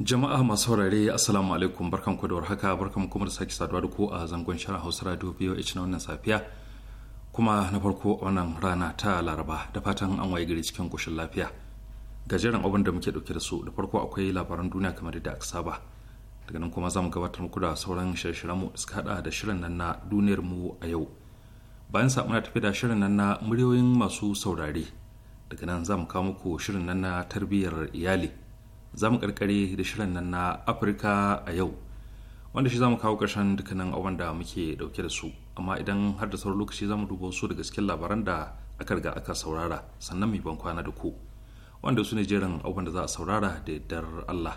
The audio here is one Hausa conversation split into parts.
jama'a masu saurare assalamu alaikum barkan ku da warhaka barkan kuma da sake saduwa da ku a zangon shirin hausa radio biyu na wannan safiya kuma na farko a wannan rana ta laraba da fatan an waye gari cikin koshin lafiya gajeren abin da muke dauke da su da farko akwai labaran duniya kamar da aka saba daga nan kuma za mu gabatar muku da sauran shirye-shiryen mu suka hada da shirin nan na duniyar mu a yau bayan sa muna tafi da shirin nan na muryoyin masu saurare daga nan za mu kawo muku shirin nan na tarbiyyar iyali za mu karkare da shirin nan na afirka a yau wanda shi za mu kawo ƙarshen dukkanin abin da muke dauke da su amma idan har da sauran lokaci za mu duba su daga cikin labaran da aka riga aka saurara sannan mai ban kwana da ku wanda su ne jerin abin da za a saurara da yardar allah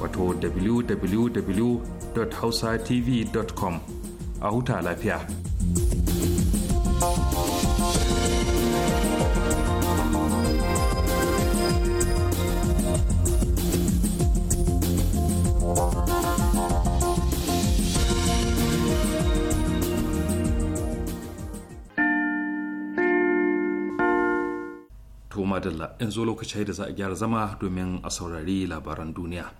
wato www.hausatv.com a huta lafiya. To madalla, in zo lokaci da za a gyara zama domin a saurari labaran duniya.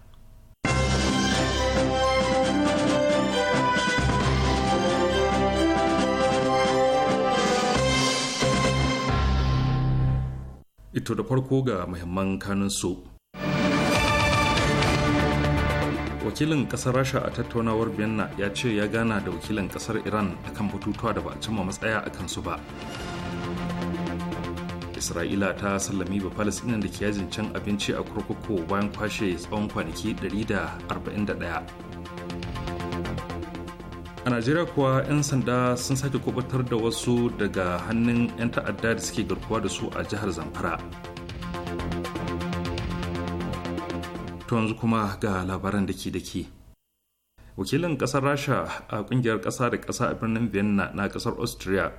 ito da farko ga muhimman kanunsu. su wakilin kasar rasha a tattaunawar vienna ya ce ya gana da wakilin kasar iran kan batutuwa da ba a cimma matsaya a kansu ba isra'ila ta sallami ba palestinian da ke yajin cin abinci a kurkuku bayan kwashe tsawon kwanaki 141 a najeriya kuwa 'yan sanda sun sake kubutar da wasu daga hannun 'yan ta'adda da suke garkuwa da su a jihar zamfara to yanzu kuma ga labaran da ke da ke wakilin kasar rasha a kungiyar kasa da kasa a birnin vienna na kasar austria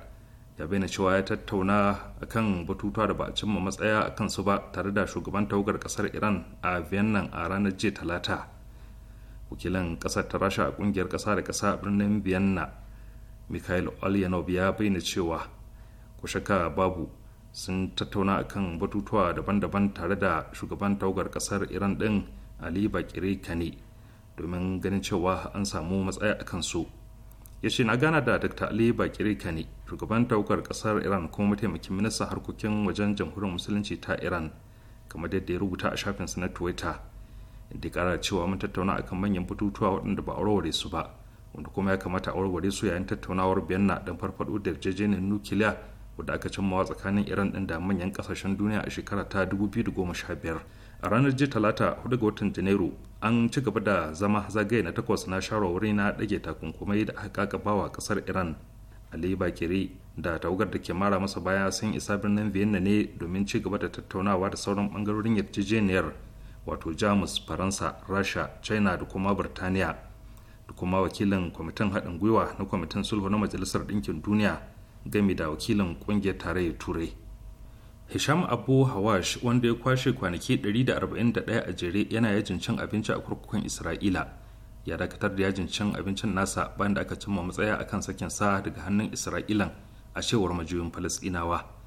ya bayyana cewa ya tattauna kan batutuwa da ba a cimma matsaya a kansu ba tare da shugaban tawagar kasar iran a vienna a ranar jiya talata wakilan kasar ta rasha a kungiyar kasa da kasa a birnin vienna mikhail olyanov ya bayyana cewa kushaka babu sun tattauna kan batutuwa daban-daban tare da shugaban taugar kasar iran din ali bakire kane domin ganin cewa an samu matsaya a kansu ya na gana da dr ali bakire kane shugaban taukar kasar iran kuma mataimakin ministan harkokin wajen jamhuriyar musulunci ta iran kamar yadda ya rubuta a shafinsa na twitter inda kara cewa mun tattauna akan manyan bututuwa waɗanda ba a warware su ba wanda kuma ya kamata a warware su yayin tattaunawar na don farfaɗo da yarjejeniyar nukiliya wadda aka cimmawa tsakanin iran ɗin da manyan ƙasashen duniya a shekara ta 2015 a ranar jiya talata 4 ga watan janairu an ci gaba da zama zagaye na takwas na shawarwari na ɗage takunkumai da aka gabawa ƙasar iran ali bakiri da tawagar da ke mara masa baya sun isa birnin vienna ne domin ci gaba da tattaunawa da sauran ɓangarorin yarjejeniyar wato jamus faransa rasha china da kuma birtaniya da kuma wakilin kwamitin haɗin gwiwa na kwamitin sulhu na majalisar ɗinkin duniya gami da wakilin ƙungiyar tarayyar turai hisham abu hawash wanda ya kwashe kwanaki 141 a jere yana yajin cin abinci a kurkukun isra'ila ya dakatar da yajin cin abincin nasa bayan da aka cimma matsaya akan sakin sa daga hannun isra'ilan a cewar majiyoyin falasɗinawa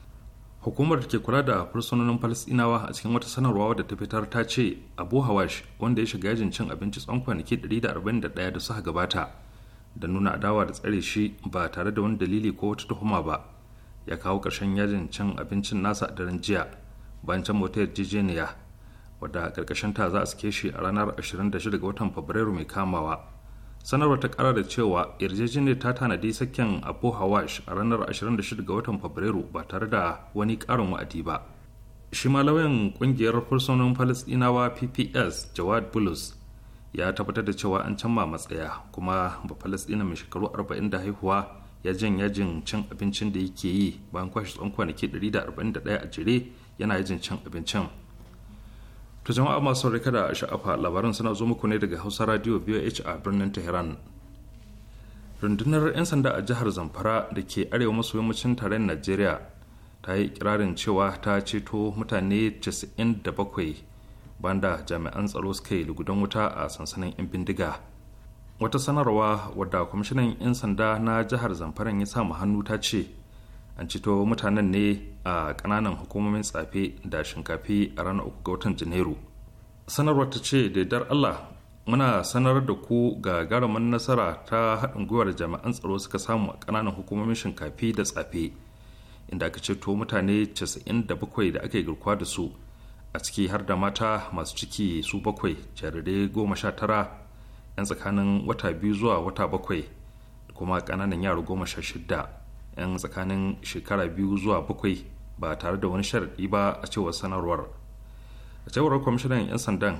hukumar da ke kula da fursunonin falasɗinawa a cikin wata sanarwa da ta fitar ta ce abu hawash wanda ya shiga yajin cin abinci tsawon kwanaki 141 da suka gabata da nuna adawa da tsare shi ba tare da wani dalili ko wata tuhuma ba ya kawo ƙarshen yajin cin abincin nasa a daren jiya bayan can wata yarjejeniya wadda karkashin ta za a sike shi a ranar 26 ga watan fabrairu mai kamawa sanarwar ta kara da cewa yarjejeniyar ta tanadi sakken abu hawash a ranar 26 ga watan fabrairu ba tare da wani karin wa'adi ba shi ma lauyan kungiyar fursunan falisdinawa pps jawad bulus ya tabbatar da cewa an canma matsaya kuma ba falisdina mai shekaru 40 da haihuwa ya jan yajin cin abincin da yake yi bayan kwashe tsawon kwanaki 141 a jere yana yajin cin abincin To jama'a masu rika da sha'afa labaran suna zo muku ne daga Hausa Radio VOH a birnin Tehran. Rundunar 'yan sanda a jihar Zamfara da ke arewa maso yammacin tarayyar Najeriya ta yi kirarin cewa ta ceto mutane 97 da jami'an tsaro suka yi lugudan wuta a sansanin 'yan bindiga. Wata sanarwa wadda kwamishinan 'yan sanda na jihar Zamfara ya samu hannu ta ce an ceto mutanen ne a kananan hukumomin tsafe da shinkafi a ranar uku ga watan janairu sanarwar ta ce da dar allah muna sanar da ku ga garaman nasara ta haɗin gwiwar jami'an tsaro suka samu a kananan hukumomin shinkafi da tsafe inda aka ceto mutane 97 da ake girkwa da su a ciki har da mata masu ciki su bakwai jarirai goma sha tara 'yan tsakanin wata biyu zuwa wata bakwai da kuma ƙananan yara goma sha shida 'yan tsakanin shekara biyu zuwa bakwai ba tare da wani sharaɗi ba a cewar sanarwar a cewar kwamishinan 'yan sandan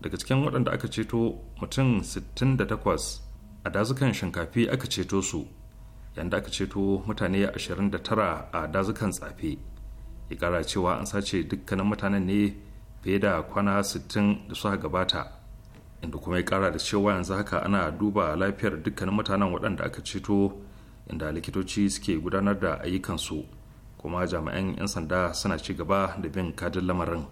daga cikin waɗanda aka ceto mutum 68 a dazukan shinkafi aka ceto su yadda aka ceto mutane 29 a dazukan tsafe ya kara cewa an sace dukkanin mutanen ne fiye da kwana 60 da suka gabata inda kuma ya kara da cewa yanzu haka ana duba lafiyar dukkanin mutanen waɗanda aka ceto inda likitoci suke gudanar da ayyukansu kuma jami'an 'yan sanda suna ci gaba da bin kadin lamarin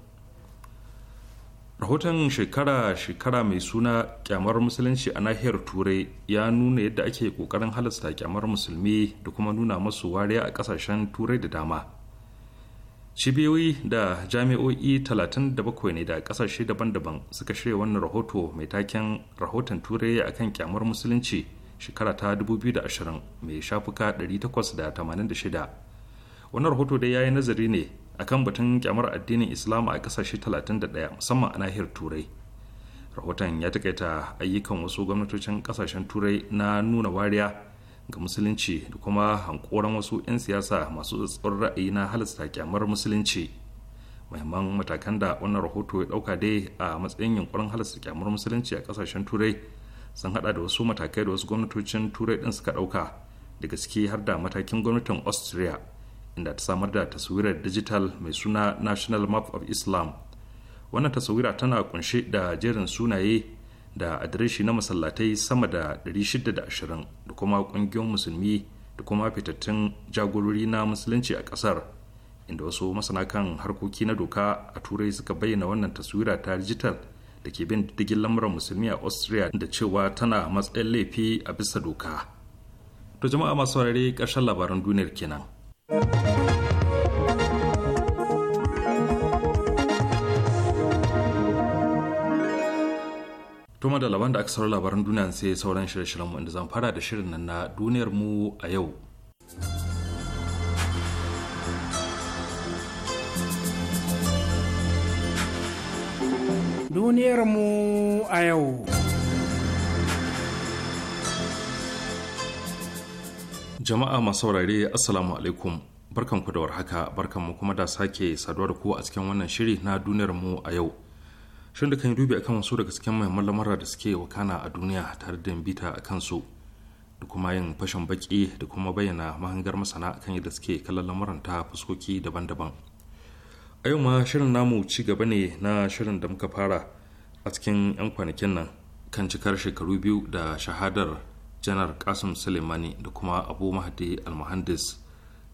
rahoton shekara-shekara mai suna kyamar musulunci a nahiyar turai ya nuna yadda ake kokarin halasta kyamar musulmi da kuma nuna masu wariya a kasashen turai da dama cibiyoyi da jami'o'i 37 ne da kasashe daban-daban suka shirya wannan rahoto mai taken rahoton turai akan kyamar musulunci shekara ta 2020 mai shafuka 886 wannan rahoto dai ya yi nazari ne akan batun kyamar addinin Islam a kasashe 31 musamman a nahiyar turai rahoton ya takaita ayyukan wasu gwamnatocin kasashen turai na nuna wariya ga musulunci da kuma hankoran wasu 'yan siyasa masu tsatsar ra'ayi na halasta kyamar musulunci mahimman matakan da wannan rahoto ya dauka dai a matsayin yunkurin halasta kyamar musulunci a kasashen turai sun hada da wasu matakai da wasu gwamnatocin turai din suka dauka da gaske har da matakin gwamnatin austria inda ta samar da taswirar digital mai suna national map of islam wannan taswira tana kunshe da jerin sunaye da adireshi na masallatai sama da 620 da kuma kungiyoyin musulmi da kuma fitattun jagorori na musulunci a kasar inda wasu masana kan harkoki na doka a turai suka bayyana wannan taswira ta digital da ke bin diddigin lamuran musulmi a austria da cewa tana matsayin laifi a bisa doka to jama'a masu saurare ƙarshen labaran duniyar kenan Tuma da laban da aka sauran labaran duniya sai sauran shirye-shiryenmu inda zan fara da shirin nan na duniyar mu a yau. Duniyar mu a yau. Jama'a masu saurare Assalamu alaikum barkan ku da warhaka mu kuma da sake saduwa da ku a cikin wannan shiri na duniyar mu a yau. Shirin da kan yi dubi akan wasu daga cikin mahimman lamura da suke wakana a duniya tare da bita a kansu da kuma yin fashin baki da kuma bayyana mahangar masana kan yadda suke kallon lamuran ta fuskoki daban-daban. A yau ma shirin namu ci gaba ne na shirin da muka fara a cikin 'yan kwanakin nan kan cikar shekaru biyu da shahadar janar kasim suleimani da kuma abu mahdi almuhandis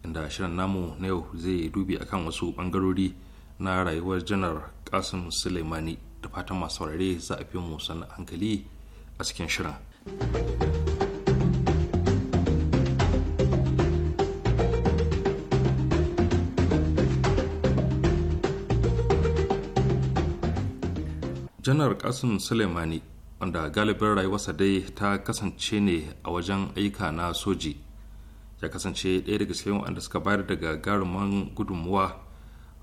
inda shirin namu na yau zai dubi akan wasu bangarori na rayuwar janar kasim suleimani da fatan masu saurare za a fi mu sannan hankali a cikin shirin janar kasim suleimani wanda galibin rayuwarsa dai ta kasance ne a wajen aika na soji ya kasance ɗaya daga cikin waɗanda suka bayar daga garuman gudunmuwa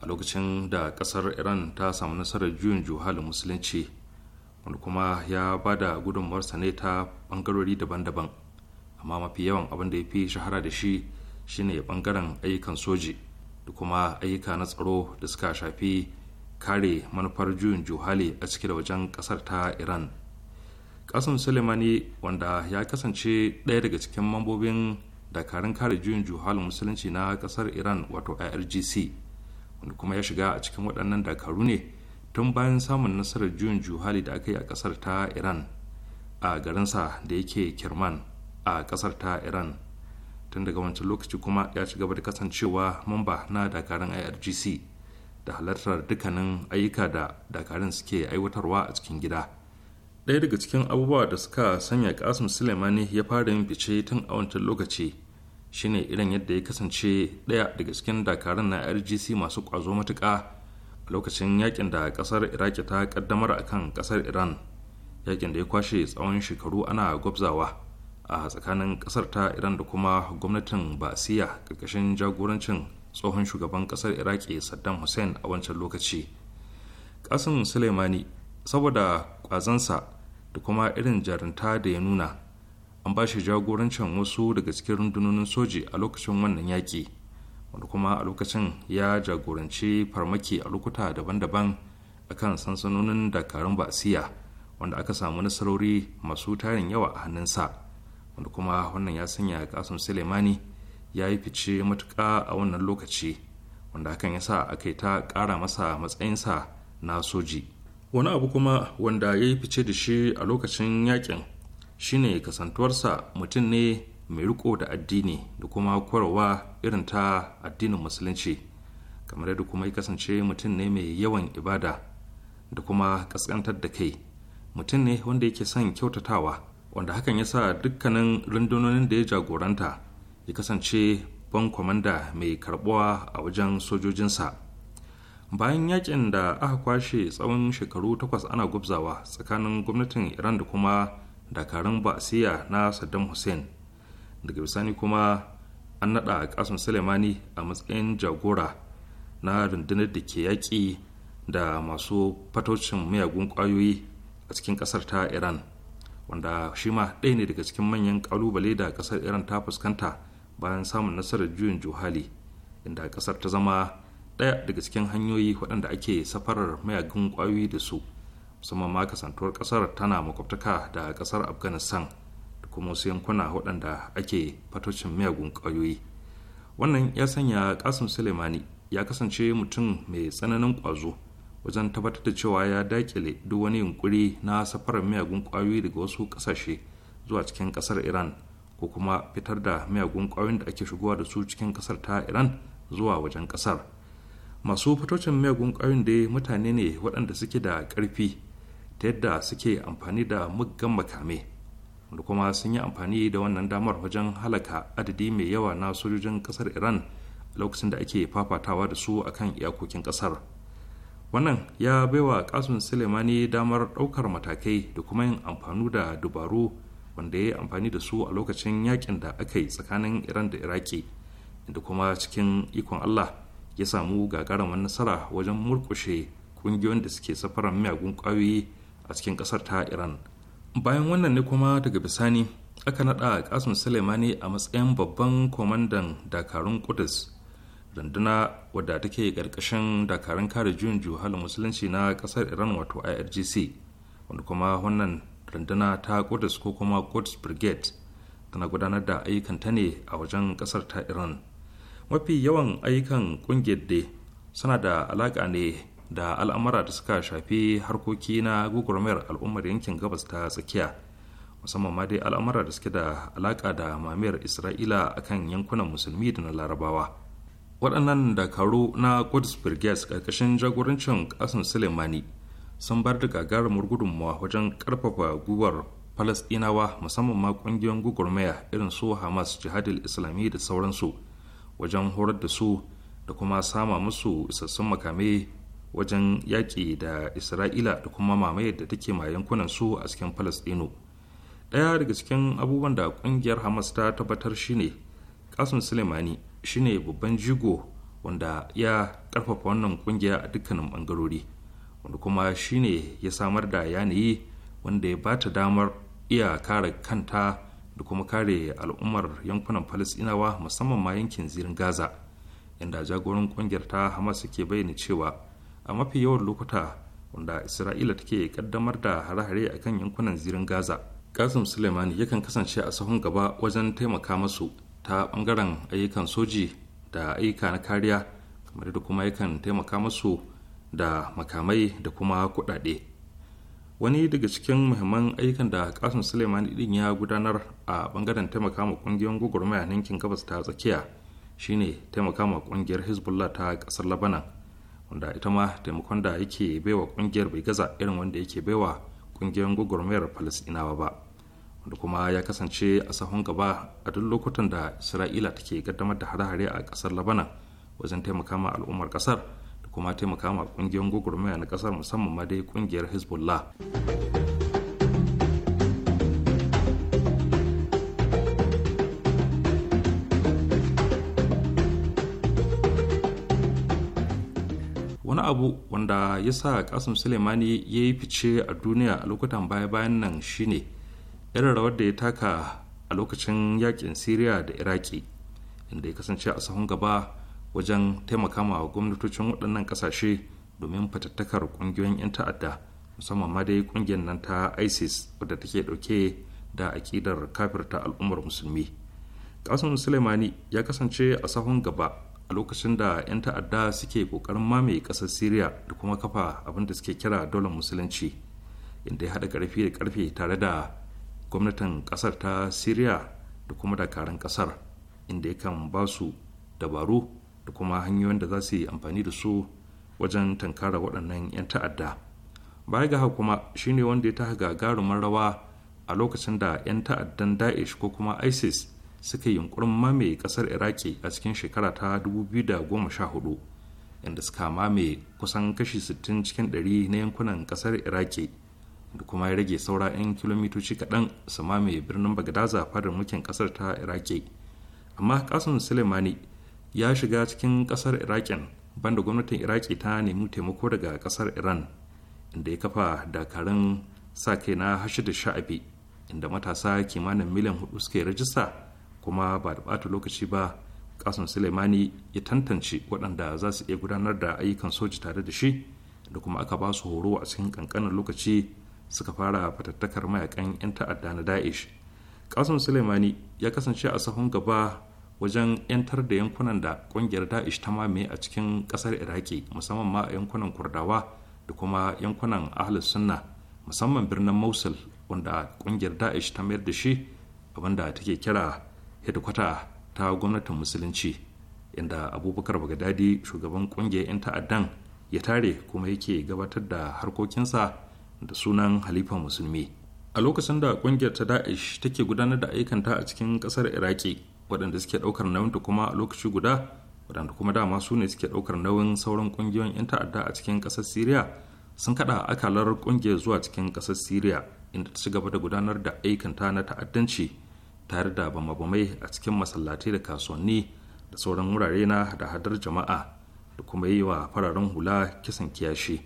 a lokacin da ƙasar iran ta samu nasarar juyin juhalin musulunci wanda kuma ya ba da gudunmuwarsa ne ta ɓangarori daban-daban amma mafi yawan abin da ya fi shahara da shi shine ɓangaren ayyukan soji da kuma ayyuka na tsaro da suka shafi kare manufar juyin juhali a cikin wajen ƙasar ta iran kasan sulemani wanda ya kasance ɗaya daga cikin mambobin dakarun kare juyin juhalin musulunci na kasar iran wato irgc wanda kuma ya shiga a cikin waɗannan dakaru ne tun bayan samun nasarar juyin juhali da aka yi a kasar ta iran a garinsa da yake kirman a kasar ta iran tun daga wancan lokaci kuma ya ci gaba da kasancewa mamba na dakarun irgc da halartar dukkanin ayyuka da dakarun suke aiwatarwa a cikin gida ɗaya daga cikin abubuwa da suka sanya kasim suleimani ya fara yin fice tun a wancan lokaci shine irin yadda ya kasance ɗaya daga cikin dakarun na rgc masu ƙwazo matuƙa a lokacin yakin da ƙasar iraki ta ƙaddamar a kan ƙasar iran yakin da ya kwashe tsawon shekaru ana gwabzawa a tsakanin ƙasar ta iran da kuma gwamnatin basiya ƙarƙashin jagorancin tsohon shugaban ƙasar iraki saddam hussein a wancan lokaci kasim suleimani saboda ƙwazonsa da kuma irin jarinta da ya nuna an ba shi jagorancin wasu daga cikin rundunonin soji a lokacin wannan yaƙi wanda kuma a lokacin ya jagoranci farmaki a lokuta daban-daban a kan sansanonin dakarun basiya wanda aka samu nasarori masu tarin yawa a hannunsa wanda kuma wannan ya sanya kasim sulemani ya yi fice matuka a wannan lokaci wanda hakan ya sa aka yi ta ƙara masa matsayinsa na soji wani abu kuma wanda ya yi fice da shi a lokacin yakin shine kasantuwarsa mutum ne mai riko da addini da kuma kwarawa irin ta addinin musulunci kamar yadda kuma ya kasance mutum ne mai yawan ibada da kuma kaskantar da kai mutum ne wanda yake son kyautatawa wanda hakan ya sa dukkanin rundunonin da ya jagoranta ya kasance ban kwamanda mai karbuwa a wajen sojojinsa bayan yakin da aka kwashe tsawon shekaru takwas ana gubzawa tsakanin gwamnatin iran da kuma dakarun basiya na saddam hussein daga bisani kuma an naɗa kasim sulemani a matsayin jagora na rundunar da ke yaƙi da masu fatocin miyagun ƙwayoyi a cikin ƙasar ta iran wanda shi ma ɗaya ne daga cikin manyan ƙalubale da ƙasar iran ta fuskanta bayan samun nasarar juyin juhali inda ƙasar ta zama ɗaya daga cikin hanyoyi waɗanda ake safarar mayagun ƙwayoyi da su musamman ma kasantuwar ƙasar tana makwabtaka da ƙasar afghanistan da kuma wasu yankuna waɗanda ake fatocin mayagun ƙwayoyi wannan ya sanya kasim suleimani ya kasance mutum mai tsananin ƙwazo wajen tabbatar da cewa ya dakile duk wani yunƙuri na safarar miyagun kwayoyi daga wasu ƙasashe zuwa cikin ƙasar iran ko kuma fitar da miyagun kwayoyin da ake shigowa da su cikin kasar ta iran zuwa wajen ƙasar masu fitocin miyagun ƙauyen dai mutane ne waɗanda suke da ƙarfi ta yadda suke amfani da muggan makame da kuma sun yi amfani da wannan damar wajen halaka adadi mai yawa na sojojin ƙasar iran lokacin da ake fafatawa da su akan iyakokin ƙasar wannan ya baiwa kasun sulemani damar ɗaukar matakai da kuma yin amfani da dubaru wanda ya yi amfani da su a lokacin yakin da aka yi tsakanin iran da iraki da kuma cikin ikon allah ya samu gagarumin nasara wajen murkushe ƙungiyoyin da suke safarar miyagun ƙwayoyi a cikin ƙasar ta iran bayan wannan ne kuma daga bisani aka naɗa ƙasim suleimani a matsayin babban kwamandan dakarun kudus runduna wadda take ƙarƙashin dakarun kare juyin juhalin musulunci na ƙasar iran wato irgc wanda kuma wannan runduna ta kudus ko kuma kudus brigade tana gudanar da ayyukanta ne a wajen ƙasar ta iran mafi yawan ayyukan ƙungiyar dai suna da alaƙa ne da al'amura da suka shafi harkoki na gugurmayar al'ummar yankin gabas ta tsakiya musamman ma dai al'amura da suke da alaƙa da mamiyar isra'ila akan yankunan musulmi da na larabawa waɗannan dakaru na Quds Brigades ƙarƙashin jagorancin ƙasan sulemani sun bar da gagarumar gudunmawa wajen ƙarfafa guwar Falasɗinawa musamman ma ƙungiyoyin gugurmaya irin su Hamas Jihadil Islami da sauransu wajen horar da su da kuma sama musu isassun makamai wajen yaƙi da isra'ila da kuma mamayar da take ma yankunan su a cikin falastino ɗaya daga cikin abubuwan da ƙungiyar hamas ta tabbatar shine kasim sulemani shine babban jigo wanda ya ƙarfafa wannan ƙungiya a dukkanin ɓangarori wanda kuma shine ya samar da yanayi wanda ya bata damar iya kare kanta da kuma kare al'ummar yankunan palestinawa musamman ma yankin zirin gaza inda jagoran kungiyar ta hamas suke bayyana cewa a mafi yawan lokuta wanda isra'ila take kaddamar da hare-hare a kan yankunan zirin gaza kasim suleiman yakan kasance a sahun gaba wajen taimaka masu ta bangaren ayyukan soji da ayyuka na kariya kamar da kuma yakan taimaka masu da makamai da kuma kuɗaɗe. wani daga cikin muhimman ayyukan da kasan suleiman din ya gudanar a bangaren taimaka ma kungiyar gwagwarmaya yankin gabas ta tsakiya shine taimaka ma kungiyar hezbollah ta kasar labanan wanda ita ma taimakon da yake baiwa kungiyar bai gaza irin wanda yake baiwa ƙungiyar gwagwarmayar palestinawa ba wanda kuma ya kasance a sahun gaba a duk lokutan da isra'ila take kaddamar da hare-hare a kasar labanan wajen taimaka ma al'ummar kasar kuma taimaka ma kungiyar gwagwarmaya na kasar musamman ma dai kungiyar hezbollah wani abu wanda ya sa kasim suleimani ya yi fice a duniya a lokutan baya-bayan nan shine irin rawar da ya taka a lokacin yakin siriya da iraki inda ya kasance a sahun gaba wajen taimaka ma gwamnatocin waɗannan ƙasashe domin fatattakar ƙungiyoyin 'yan ta'adda musamman ma dai ƙungiyar nan ta isis wadda take ɗauke da aƙidar kafirta al'ummar musulmi ƙasar sulaimani ya kasance a sahun gaba a lokacin da 'yan ta'adda suke ƙoƙarin mamaye ƙasar syria da kuma kafa abin da suke kira daular musulunci inda ya haɗa ƙarfi da ƙarfe tare da gwamnatin ƙasar ta syria da kuma dakarun ƙasar inda ya kan ba dabaru da kuma hanyoyin da za su yi amfani da su wajen tankara waɗannan 'yan ta'adda baya ga haka kuma shine wanda ya taha gagarumin rawa a lokacin da 'yan ta'addan daesh ko kuma isis suka yi yunkurin mamaye kasar iraki a cikin shekara ta 2014 inda suka mamaye kusan kashi 60 cikin 100 na yankunan ƙasar iraki da kuma ya rage saura 'yan kilomitoci kaɗan su mamaye birnin bagdaza fadar mulkin ƙasar ta iraki amma kasan sulemani ya shiga cikin kasar iraƙin banda gwamnatin iraki ta nemi taimako daga kasar iran inda ya kafa dakarun sa kai na hashi da sha'abi inda matasa kimanin miliyan hudu suke rajista kuma ba da bata lokaci ba kasan suleimani ya tantance waɗanda za su iya gudanar da ayyukan soji tare da shi da kuma aka ba su horo a cikin kankanin lokaci suka fara fatattakar mayakan 'yan ta'adda na da'ish kasan suleimani ya kasance a sahun gaba wajen 'yantar da yankunan da kungiyar da'ish ta mamaye a cikin kasar iraki musamman ma a yankunan kurdawa da kuma yankunan ahlus sunna musamman birnin mosul wanda kungiyar da'ish ta mayar da shi abinda take kira hedikwata ta gwamnatin musulunci inda abubakar bagadadi shugaban kungiyar 'yan ta'addan ya tare kuma yake gabatar da harkokinsa da sunan halifa musulmi a lokacin da kungiyar ta da'ish take gudanar da aikanta a cikin kasar iraki waɗanda suke ɗaukar nauyinta kuma a lokaci guda waɗanda kuma dama su ne suke ɗaukar nauyin sauran ƙungiyoyin 'yan ta'adda a cikin ƙasar siriya sun kaɗa a akalar ƙungiyar zuwa cikin ƙasar siriya inda ta ci gaba da gudanar da aikinta na ta'addanci tare da bamabamai a cikin masallatai da kasuwanni da sauran wurare na hada-hadar jama'a da kuma yi wa fararen hula kisan kiyashi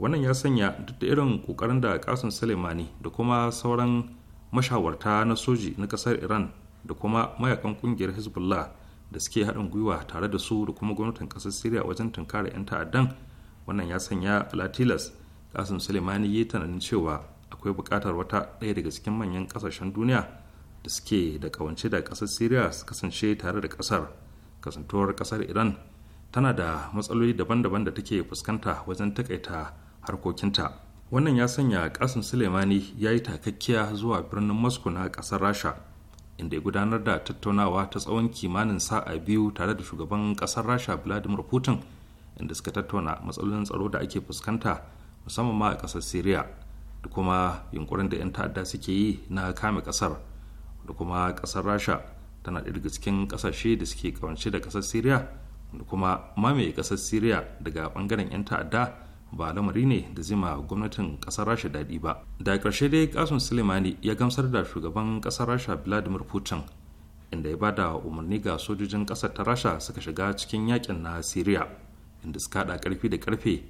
wannan ya sanya duk da irin ƙoƙarin da kasan suleimani da kuma sauran mashawarta na soji na ƙasar iran da kuma mayakan kungiyar hezbollah da suke haɗin gwiwa tare da su da kuma gwamnatin ƙasar syria wajen tunkara 'yan ta'addan wannan ya sanya alatilas kasim suleimani ya tunanin cewa akwai buƙatar wata ɗaya daga cikin manyan ƙasashen duniya da suke da ƙawance da ƙasar syria su kasance tare da ƙasar kasantuwar ƙasar iran tana da matsaloli daban-daban da take fuskanta wajen takaita harkokinta wannan ya sanya kasim suleimani ya yi takakkiya zuwa birnin moscow na ƙasar rasha inda ya gudanar da tattaunawa ta tsawon kimanin sa'a biyu tare da shugaban kasar rasha vladimir putin inda suka tattauna matsalolin tsaro da ake fuskanta musamman ma a kasar syria da kuma yunkurin da 'yan ta'adda suke yi na kame kasar da kuma kasar rasha tana ɗaya daga cikin kasashe da suke kawance da kasar syria da kuma mamaye kasar syria daga bangaren 'yan ta'adda ba lamari ne da zai ma gwamnatin kasar rasha daɗi ba da ƙarshe dai kasun sulemani ya gamsar da shugaban kasar rasha vladimir putin inda ya bada umarni ga sojojin kasar ta rasha suka shiga cikin yakin na syria inda suka haɗa ƙarfi da ƙarfe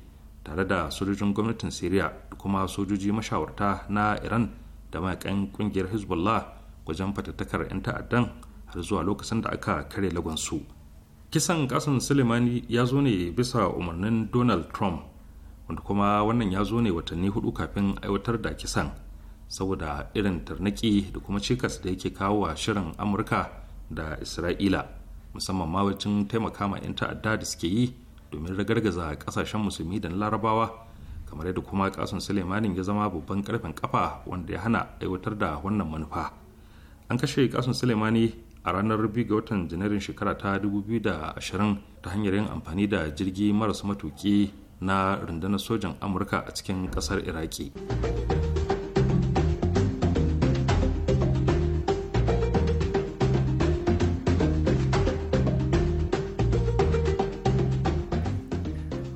tare da sojojin gwamnatin syria da kuma sojoji mashawarta na iran da mayakan ƙungiyar hezbollah wajen fatattakar 'yan ta'addan har zuwa lokacin da aka kare lagonsu kisan kasan sulemani ya zo ne bisa umarnin donald trump wanda kuma wannan ya zo ne watanni hudu kafin aiwatar da kisan saboda irin tarnaki da kuma cikas da yake kawo wa shirin amurka da isra'ila musamman ma wacin taimaka ma 'yan ta'adda da suke yi domin ragargaza kasashen musulmi da larabawa kamar yadda kuma kasan suleimanin ya zama babban karfin kafa wanda ya hana aiwatar da wannan manufa an kashe kasan suleimani a ranar biyu ga watan janairun shekara ta 2020 ta hanyar yin amfani da jirgi marasa matuki na rundunar sojan amurka a cikin kasar iraki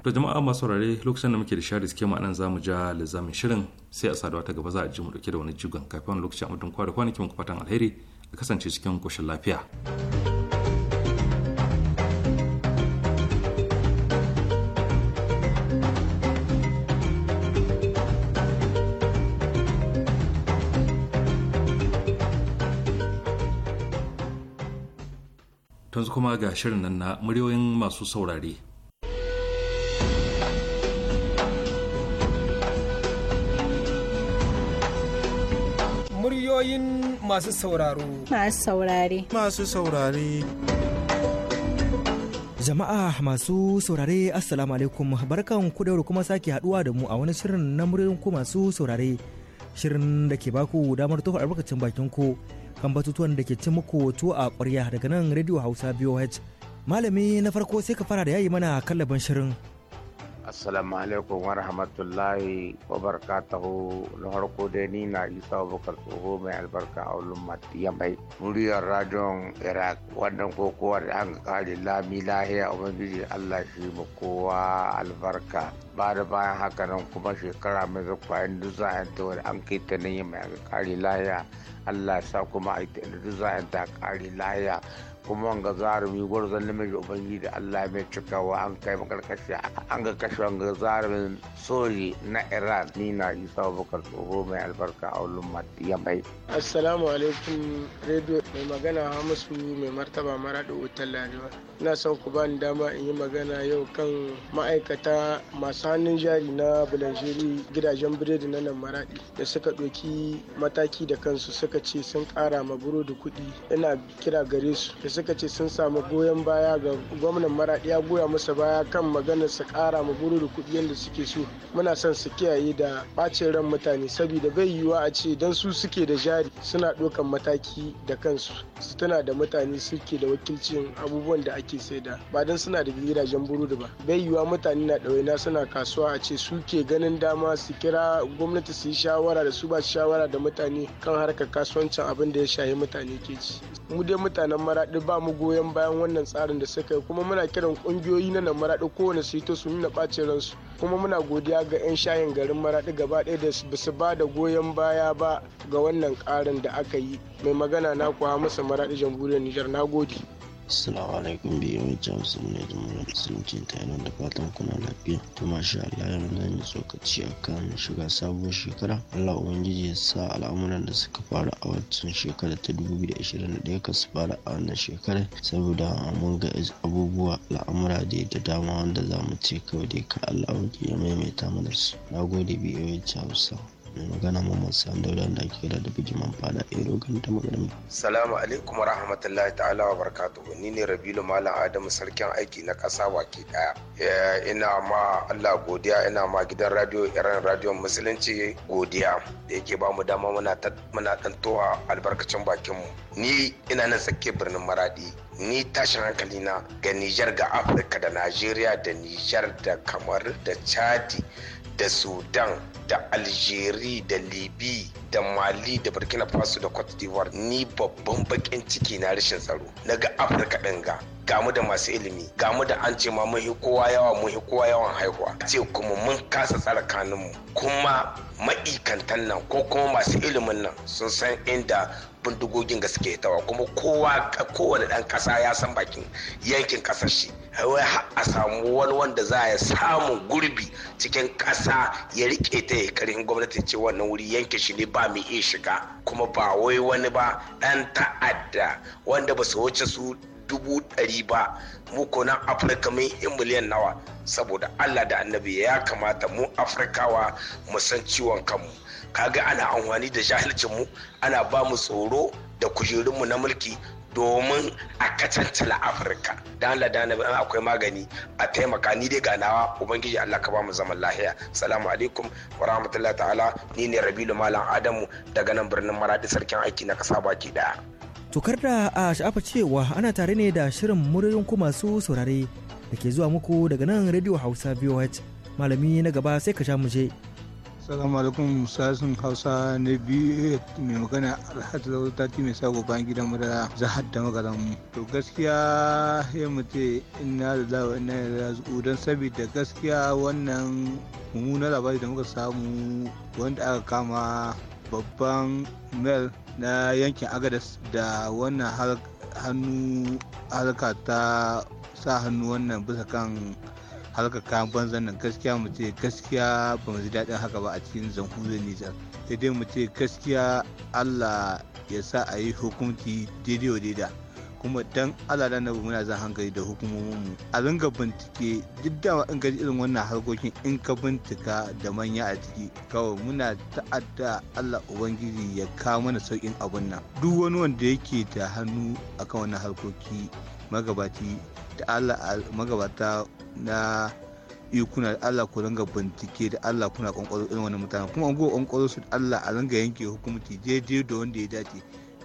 to jama'a masu saurare lokacin da muke da shari'a suke za mu ja lizamin shirin sai a saduwa ta gaba za a ji mu dauke da wani jigon kafin lokacin amudin kwa da kwanakin fatan alheri a kasance cikin koshin lafiya. tunzu kuma ga shirin nan na muryoyin masu saurare muryoyin masu sauraro masu saurare masu saurare Jama'a masu saurare Assalamu alaikum barkan ku da kuma sake haduwa da mu a wani shirin na muryoyin ku masu saurare shirin da ke baku damar tofa albarkacin bakin ku kan batutuwan da ke ci muku wato a ƙwarya daga nan Radio Hausa BOH. Malami na farko sai ka fara da yayi mana kallaban shirin. assalamu alaikum wa rahmatullahi wa barakatuhu na farko dai ni na isa bukar tsoho mai albarka a wulin matiya mai muryar radion iraq wannan kokowa da an kare lami lahiya ubangiji allah shi mu kowa albarka ba da bayan haka nan kuma shekara mai zuwa yanzu za a yanta an kai ta nan mai kare lahiya Allah ya sa kuma a yi za a ta ƙari lahiya kuma wanga zarumi gwarzon ubangi da Allah mai cikawa an kai makarkashi an ga kashe wanga zarumin soji na Iran ni na Isa bukar Tsoho mai albarka a ya Yamai. Assalamu alaikum radio mai magana Hamisu mai martaba maraɗi wutar Larewa. Ina son ku bani dama in yi magana yau kan ma'aikata masu hannun jari na bulanjeri gidajen biredi na nan maraɗi da suka ɗauki mataki da kansu suka ce sun ƙara ma burodi kuɗi ina kira gare su suka ce sun samu goyon baya ga gwamnan maraɗi ya goya masa baya kan maganar su ƙara ma bururu kuɗi yadda suke so muna son su kiyaye da ɓacin ran mutane saboda bai yiwuwa a ce dan su suke da jari suna ɗaukan mataki da kansu su tana da mutane suke da wakilcin abubuwan da ake saida ba dan suna da gidajen bururu ba bai yiwuwa mutane na na suna kasuwa a ce suke ganin dama su kira gwamnati su yi shawara da su ba shawara da mutane kan harkar kasuwancin abin da ya shahi mutane ke ci mu dai mutanen maraɗi maraɗi ba mu goyon bayan wannan tsarin da suka yi kuma muna kiran ƙungiyoyi na nan maraɗi kowane su to su nuna ɓacin ransu kuma muna godiya ga 'yan shayin garin maraɗi gaba ɗaya da su ba da goyon baya ba ga wannan ƙarin da aka yi mai magana na kuwa masa maraɗi jamhuriyar nijar na gode. Assalamu alaikum biyu mai jamus ne da murar ta yana da fatan kuna lafiya. To masha Allah yau zan yi tsokaci akan shiga sabuwar shekara. Allah Ubangiji ya sa al'amuran da suka fara a wancan shekara ta 2021 ka su fara a wannan shekarar saboda mun ga abubuwa al'amura da da dama wanda za mu ce kawai dai ka Allah ya maimaita mana su. Na gode biyu magana mu Musa, Dauda da ke da da bijiman fada Ero gan ta magaram. Salamu alaikum wa rahmatullahi ta'ala wa barakatuhu. Ni ne Rabilu Malam Adamu sarkin aiki na ƙasa wake daya. Eh, ina ma Allah godiya ina ma gidan radio Iran Radio Musulunci godiya da yake ba mu dama muna muna tantowa albarkacin bakin mu. Ni ina nan tsakiyar birnin Maradi. Ni tashin hankali na ga Nijar ga Afirka da Najeriya da Nijar da Kamar da Chadi da Sudan da Aljeri da libi da mali da burkina faso da cote d'ivoire ni babban bakin ciki na rashin tsaro na ga afirka ɗin ga gamu da masu ilimi gamu da an ce ma mun kowa yawa mun kowa yawan haihuwa ce kuma mun kasa tsara mu kuma ma'ikantan nan ko kuma masu ilimin nan sun san inda bindigogin gaske tawa kuma kowa kowane ɗan kasa ya san bakin yankin ƙasar shi wai har a samu wani wanda za ya samu gurbi cikin ƙasa ya rike ta ya karin gwamnati ce wannan wuri yanke shi ne ba mai iya shiga kuma ba wai wani ba ɗan ta'adda wanda ba su wuce su dubu ɗari ba mu na afirka mun yi miliyan nawa saboda allah da annabi ya kamata mu afirkawa mu san ciwon kanmu kaga ana amfani da jahilcinmu ana ba mu tsoro da kujerunmu na mulki domin a kacantala afirka da Allah in akwai magani a taimaka ni dai ganawa ubangiji Allah ka ba mu zaman lahiya salamu alaikum wa rahmatullahi ta'ala ni ne rabilu malam adamu daga nan birnin maradi sarkin aiki na kasa baki daya tokar da a sha'afa cewa ana tare ne da shirin muryoyin ku masu saurare da ke zuwa muku daga nan radio hausa voh malami na gaba sai ka sha mu je. Salamu alaikum sasin Hausa na biyu mai magana Alhaji Zaure Tati mai sako bayan gidan mu da zahar da mu To gaskiya ya mutu ina da lawa ina da zuku don saboda gaskiya wannan mummunan labari da muka samu wanda aka kama babban mel na yankin agadas da wannan hannu harka ta sa hannu wannan bisa kan harkar kayan banzan nan gaskiya mu ce gaskiya ba mu ji daɗin haka ba a cikin zanhuriyar nijar sai dai mu ce gaskiya allah ya sa a yi hukunci daidai wa daida kuma dan allah da na muna zan hankali da hukumominmu a ringa bincike duk da in gaji irin wannan harkokin in ka bincika da manya a ciki kawai muna ta'adda allah ubangiji ya kawo mana saukin abun nan duk wani wanda yake da hannu akan wannan harkoki magabaci da allah magabata na ikuna da Allah ku ringa bintike da Allah kuna kwankwaro irin wani mutane kuma an gowa kwankwaro su da Allah a ringa yanke hukunci daidai da wanda ya dace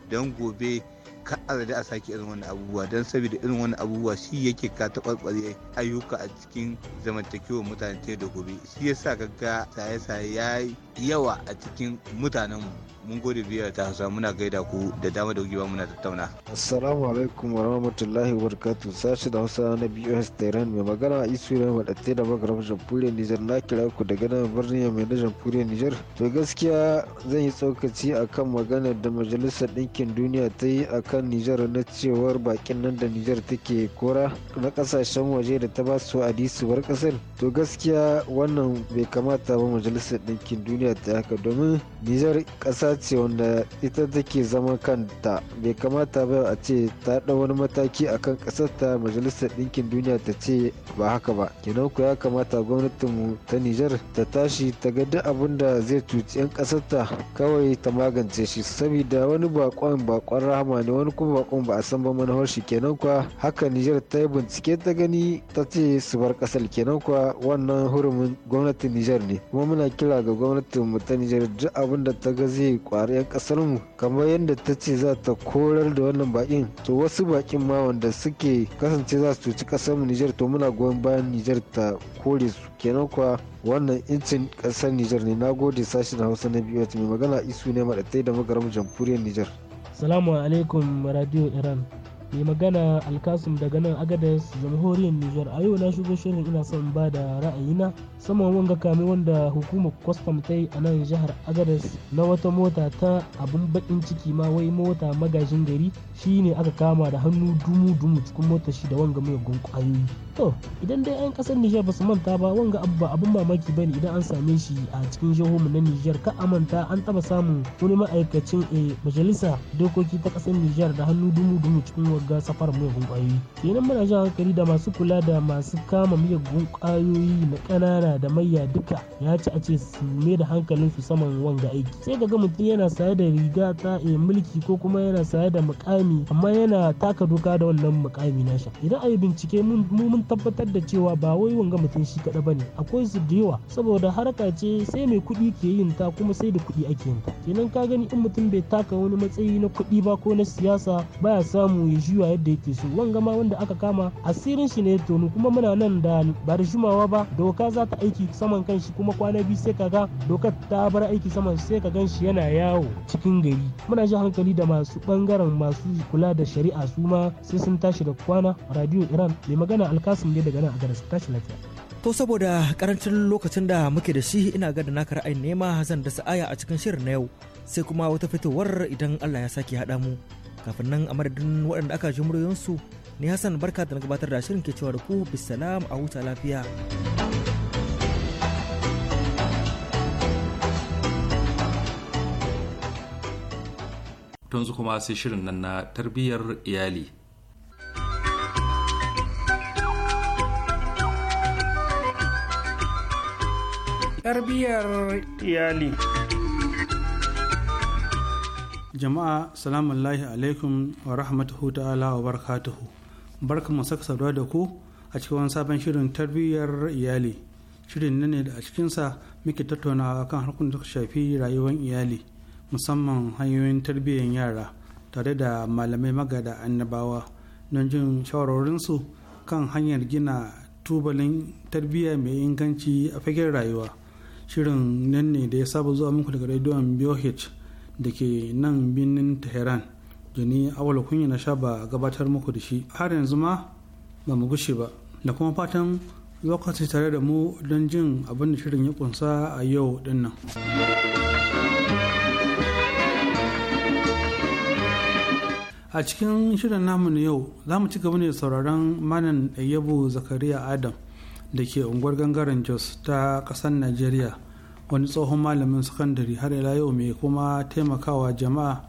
don gobe ka da a sake irin wani abubuwa don saboda irin wani abubuwa shi yake ka taɓarɓare ayyuka a cikin zamantakewar mutane ta da gobe shi yasa ga saye-saye ya yawa a cikin mutanenmu mun gode biyar ta hasa muna gaida ku da dama da gugewa muna tattauna assalamu alaikum wa rahmatullahi wa barakatuh sashi da hausa na bos tehran mai magana a isu ne wadatai da magaram jamhuriyar nijar na kira ku daga nan birnin ya mai na jamhuriyar nijar to gaskiya zan yi tsokaci a kan maganar da majalisar ɗinkin duniya ta yi a kan nijar na cewar bakin nan da nijar take kora na kasashen waje da ta ba su a bar kasar to gaskiya wannan bai kamata ba majalisar ɗinkin duniya duniya ta haka domin nijar kasa ce wanda ita take zama kanta bai kamata ba a ce ta ɗau wani mataki a kan kasarta majalisar ɗinkin duniya ta ce ba haka ba kenan ku ya kamata gwamnatinmu ta nijar ta tashi ta ga duk abin da zai cuci 'yan ƙasar kawai ta magance shi saboda wani bakon bakon rahama ne wani kuma bakon ba a san ba manahar shi kenan kuwa haka nijar ta yi bincike ta gani ta ce su bar ƙasar kenan kuwa wannan hurumin gwamnatin nijar ne kuma muna kira ga gwamnati gwamnatin ta Nijar duk abin da ta ga zai kwari yan kasar mu kamar yadda ta ce za ta korar da wannan bakin to wasu bakin ma wanda suke kasance za su cuci kasar mu Nijar to muna goyon bayan Nijar ta kore su kenan kuwa wannan incin kasar Nijar ne na gode sashen Hausa na biyu mai magana isu ne maɗatai da magaram jamhuriyar Nijar. Salamu alaikum Radio Iran. mai magana alkasum daga nan agadez jamhuriyar nijar a yau na shigo shirin ina son ba da ra'ayina saman wanga kame wanda hukumar kwastam ta yi a nan jihar agadas na wata mota ta abin bakin ciki ma wai mota magajin gari shi ne aka kama da hannu dumu-dumu cikin mota shi da wanga mai kwayoyi to idan dai 'yan kasar nijar basu manta ba wanga abba abin mamaki bane idan an same shi a cikin jihohin na nijar ka amanta an taba samun wani ma'aikacin a eh, majalisa dokoki ta kasar nijar da hannu dumu-dumu cikin wagga safar miyagun kwayoyi kenan muna jan hankali da masu kula da masu kama miyagun kwayoyi na kanana. da mayya duka ya ci a ce su mai da hankalin su saman wanga aiki sai ga mutum yana saye da riga ta eh, mulki ko kuma yana saye da mukami amma yana taka doka da wannan mukami nasha idan a yi bincike mun tabbatar da cewa ba wai wanga mutum shi kada bane akwai su da yawa saboda harka ce sai mai kuɗi ke yin ta kuma sai da kuɗi ake yin ta kenan ka gani in mutum bai taka wani matsayi na kuɗi ba ko na siyasa baya samu ya juya yadda yake so wanga ma wanda aka kama asirin shi ne ya tonu kuma muna nan da ba da ba doka za ta aiki saman kanshi kuma kwana biyu sai kaga dokar ta bar aiki saman sai ka gan shi yana yawo cikin gari muna jin hankali da masu bangaren masu kula da shari'a su ma sai sun tashi da kwana radio iran mai magana alkasim ne daga nan a garin tashi lafiya To saboda karancin lokacin da muke da shi ina ga da naka ra'ayin nema zan da sa'aya a cikin shirin na yau sai kuma wata fitowar idan Allah ya sake haɗa mu kafin nan a madadin waɗanda aka ji muryoyinsu ni Hassan barka da na gabatar da shirin ke cewa da ku bisalam a huta lafiya. yanzu kuma sai shirin nan na tarbiyyar iyali tarbiyyar iyali jama'a salamu alaikum wa rahmatuhu ta'ala wa barakatuhu barka mu saka saduwa da ku a cikin wani sabon shirin tarbiyyar iyali shirin ne da a cikinsa muke tattaunawa kan harkun da shafi rayuwar iyali musamman hanyoyin tarbiyyar yara tare da malamai magada annabawa don jin shawarorinsu kan hanyar gina tubalin tarbiyya mai inganci a fagen rayuwa shirin nan ne da ya saba zuwa muku daga rediyon BOH da ke nan birnin Tehran da ni awal kunya na sha ba gabatar muku da shi har yanzu ma ba mu gushe ba da kuma fatan lokaci tare da mu don jin abin da shirin ya kunsa a yau dinnan. a cikin shirin namu na yau za mu ci gaba ne sauraron manan ɗayyabu zakariya adam da ke unguwar gangaren jos ta ƙasar najeriya wani tsohon malamin sakandare har ila yau mai kuma taimakawa jama'a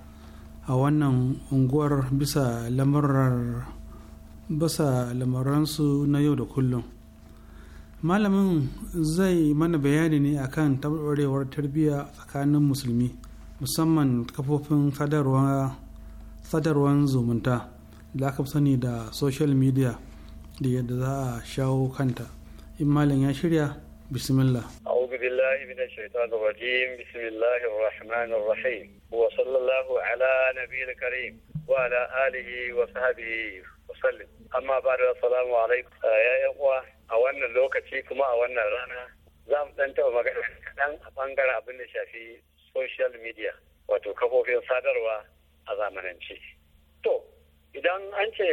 a wannan unguwar bisa lamurar bisa lamuransu na yau da kullum malamin zai mana bayani ne akan tabarwarewar tarbiyya tsakanin musulmi musamman kafofin sadarwa sadarwar zumunta da aka sani da social media da yadda za a shawo kanta in malam ya shirya bismillah amma ba da salamu alaikum a yayan uwa a wannan lokaci kuma a wannan rana za mu ɗan taɓa magana kaɗan a ɓangaren abin da shafi social media wato kafofin sadarwa a zamanance to idan an ce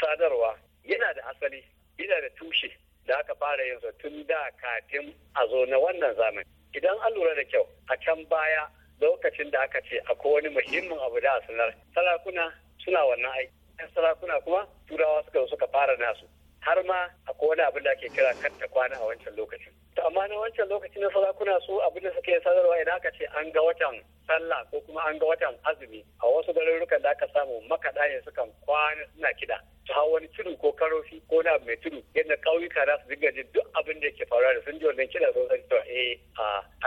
sadarwa yana da asali yana da tushe da aka fara yin tun da kafin a zo na wannan zamani idan an lura da kyau a can baya lokacin da aka ce akwai wani muhimmin abu da a sanar sarakuna suna wannan aiki sarakuna kuma turawa suka suka fara nasu har ma akwai wani abin da ake kira katta kwana a wancan lokacin to amma na wancan lokacin na sarakuna su abin da suke sadarwa idan aka ce an ga watan sallah ko kuma an ga watan azumi a wasu garurukan da aka samu makaɗa ne sukan kwana suna kiɗa su hau wani tudu ko karofi ko na mai tudu yadda ƙauyuka za su dinga jin duk abin da ke faruwa da sun ji wannan kiɗa sun to cewa eh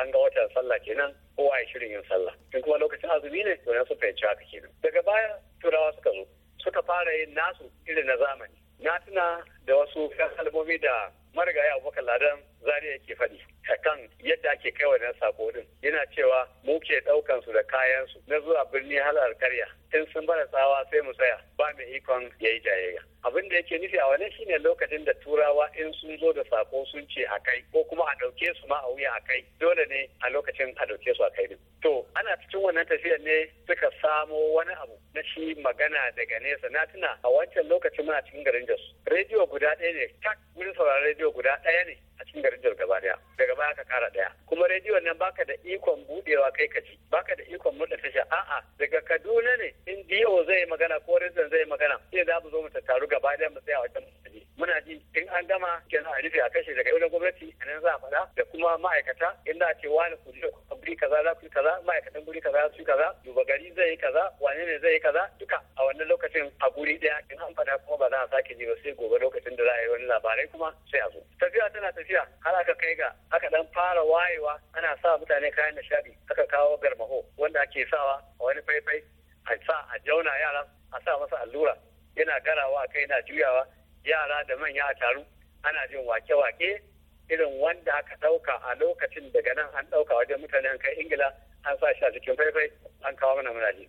an ga watan sallah kenan ko a shirin yin sallah in kuma lokacin azumi ne to na su fahimci haka kenan daga baya turawa suka zo suka fara yin nasu irin na zamani na tuna da wasu kalmomi da marigayi abubakar ladan zariya ke faɗi a kan yadda ake kai wannan sako din yana cewa mu ke ɗaukan su da kayan su na zuwa birni halar karya in sun bara tsawa sai mu tsaya ba mai ikon yayi jayayya abin da yake nufi a wani shine lokacin da turawa in sun zo da sako sun ce a kai ko kuma a ɗauke su ma a wuya a kai dole ne a lokacin a ɗauke su a kai din to ana cikin wannan tafiyar ne suka samo wani abu na shi magana daga nesa na tuna a wancan lokacin muna cikin garin Jos rediyo guda ɗaya ne tak mun saurari rediyo guda ɗaya ne a cikin garin Jos gaba daya daga baya ka kara ɗaya kuma rediyon nan baka da ikon budewa kai ka ji baka da ikon murɗa tasha a'a daga Kaduna ne in diyo zai magana ko Rediyon zai magana sai za mu zo mu tattaru gaba ɗaya mu tsaya wajen mutane muna ji in an gama kenan a rufe a kashe daga yau gwamnati a nan za a faɗa da kuma ma'aikata za a ce wani ku je guri kaza za ku yi kaza ma'aikatan guri kaza su kaza duba gari zai yi kaza wane ne zai yi kaza duka a wannan lokacin a guri ɗaya in an faɗa kuma ba za a sake ji ba sai gobe lokacin da za a yi wani labarai kuma sai a zo tafiya tana tafiya har aka kai ga aka dan fara wayewa ana sa mutane kayan nishadi aka kawo garmaho wanda ake sawa a wani faifai a sa a jauna yara a sa masa allura yana garawa kai yana juyawa yara da manya a taru ana jin wake-wake irin wanda aka ɗauka a lokacin daga nan an ɗauka wajen mutane an kai ingila an sa shi a cikin faifai an kawo mana muna ji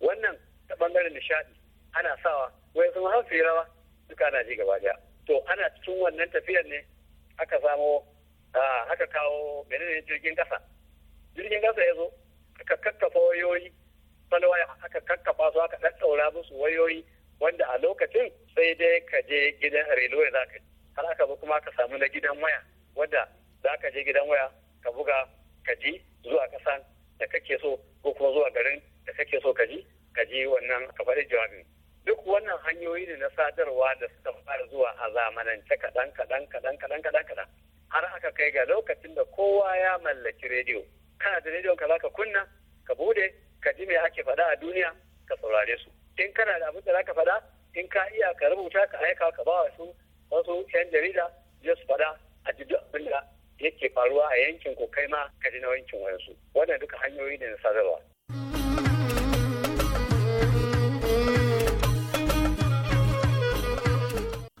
wannan ta ɓangaren nishaɗi ana sawa wai sun hau firawa rawa duka ana ji gaba daya to ana cikin wannan tafiyar ne aka samo aka kawo menene jirgin ƙasa jirgin ƙasa ya zo aka kakkafa wayoyi falwaya aka kakkafa su aka ɗaɗɗaura musu wayoyi wanda a lokacin sai dai ka je gidan railway za ka har aka bi kuma ka samu na gidan waya wanda za ka je gidan waya ka buga ka ji zuwa kasan da kake so ko kuma zuwa garin da kake so ka ji ka ji wannan ka faɗi jawabin duk wannan hanyoyi ne na sadarwa da suka fara zuwa a zamanance kaɗan kaɗan kaɗan kaɗan kaɗan kaɗan har aka kai ga lokacin da kowa ya mallaki rediyo kana da rediyon ka za ka kunna ka bude ka ji me ake faɗa a duniya ka saurare su in kana da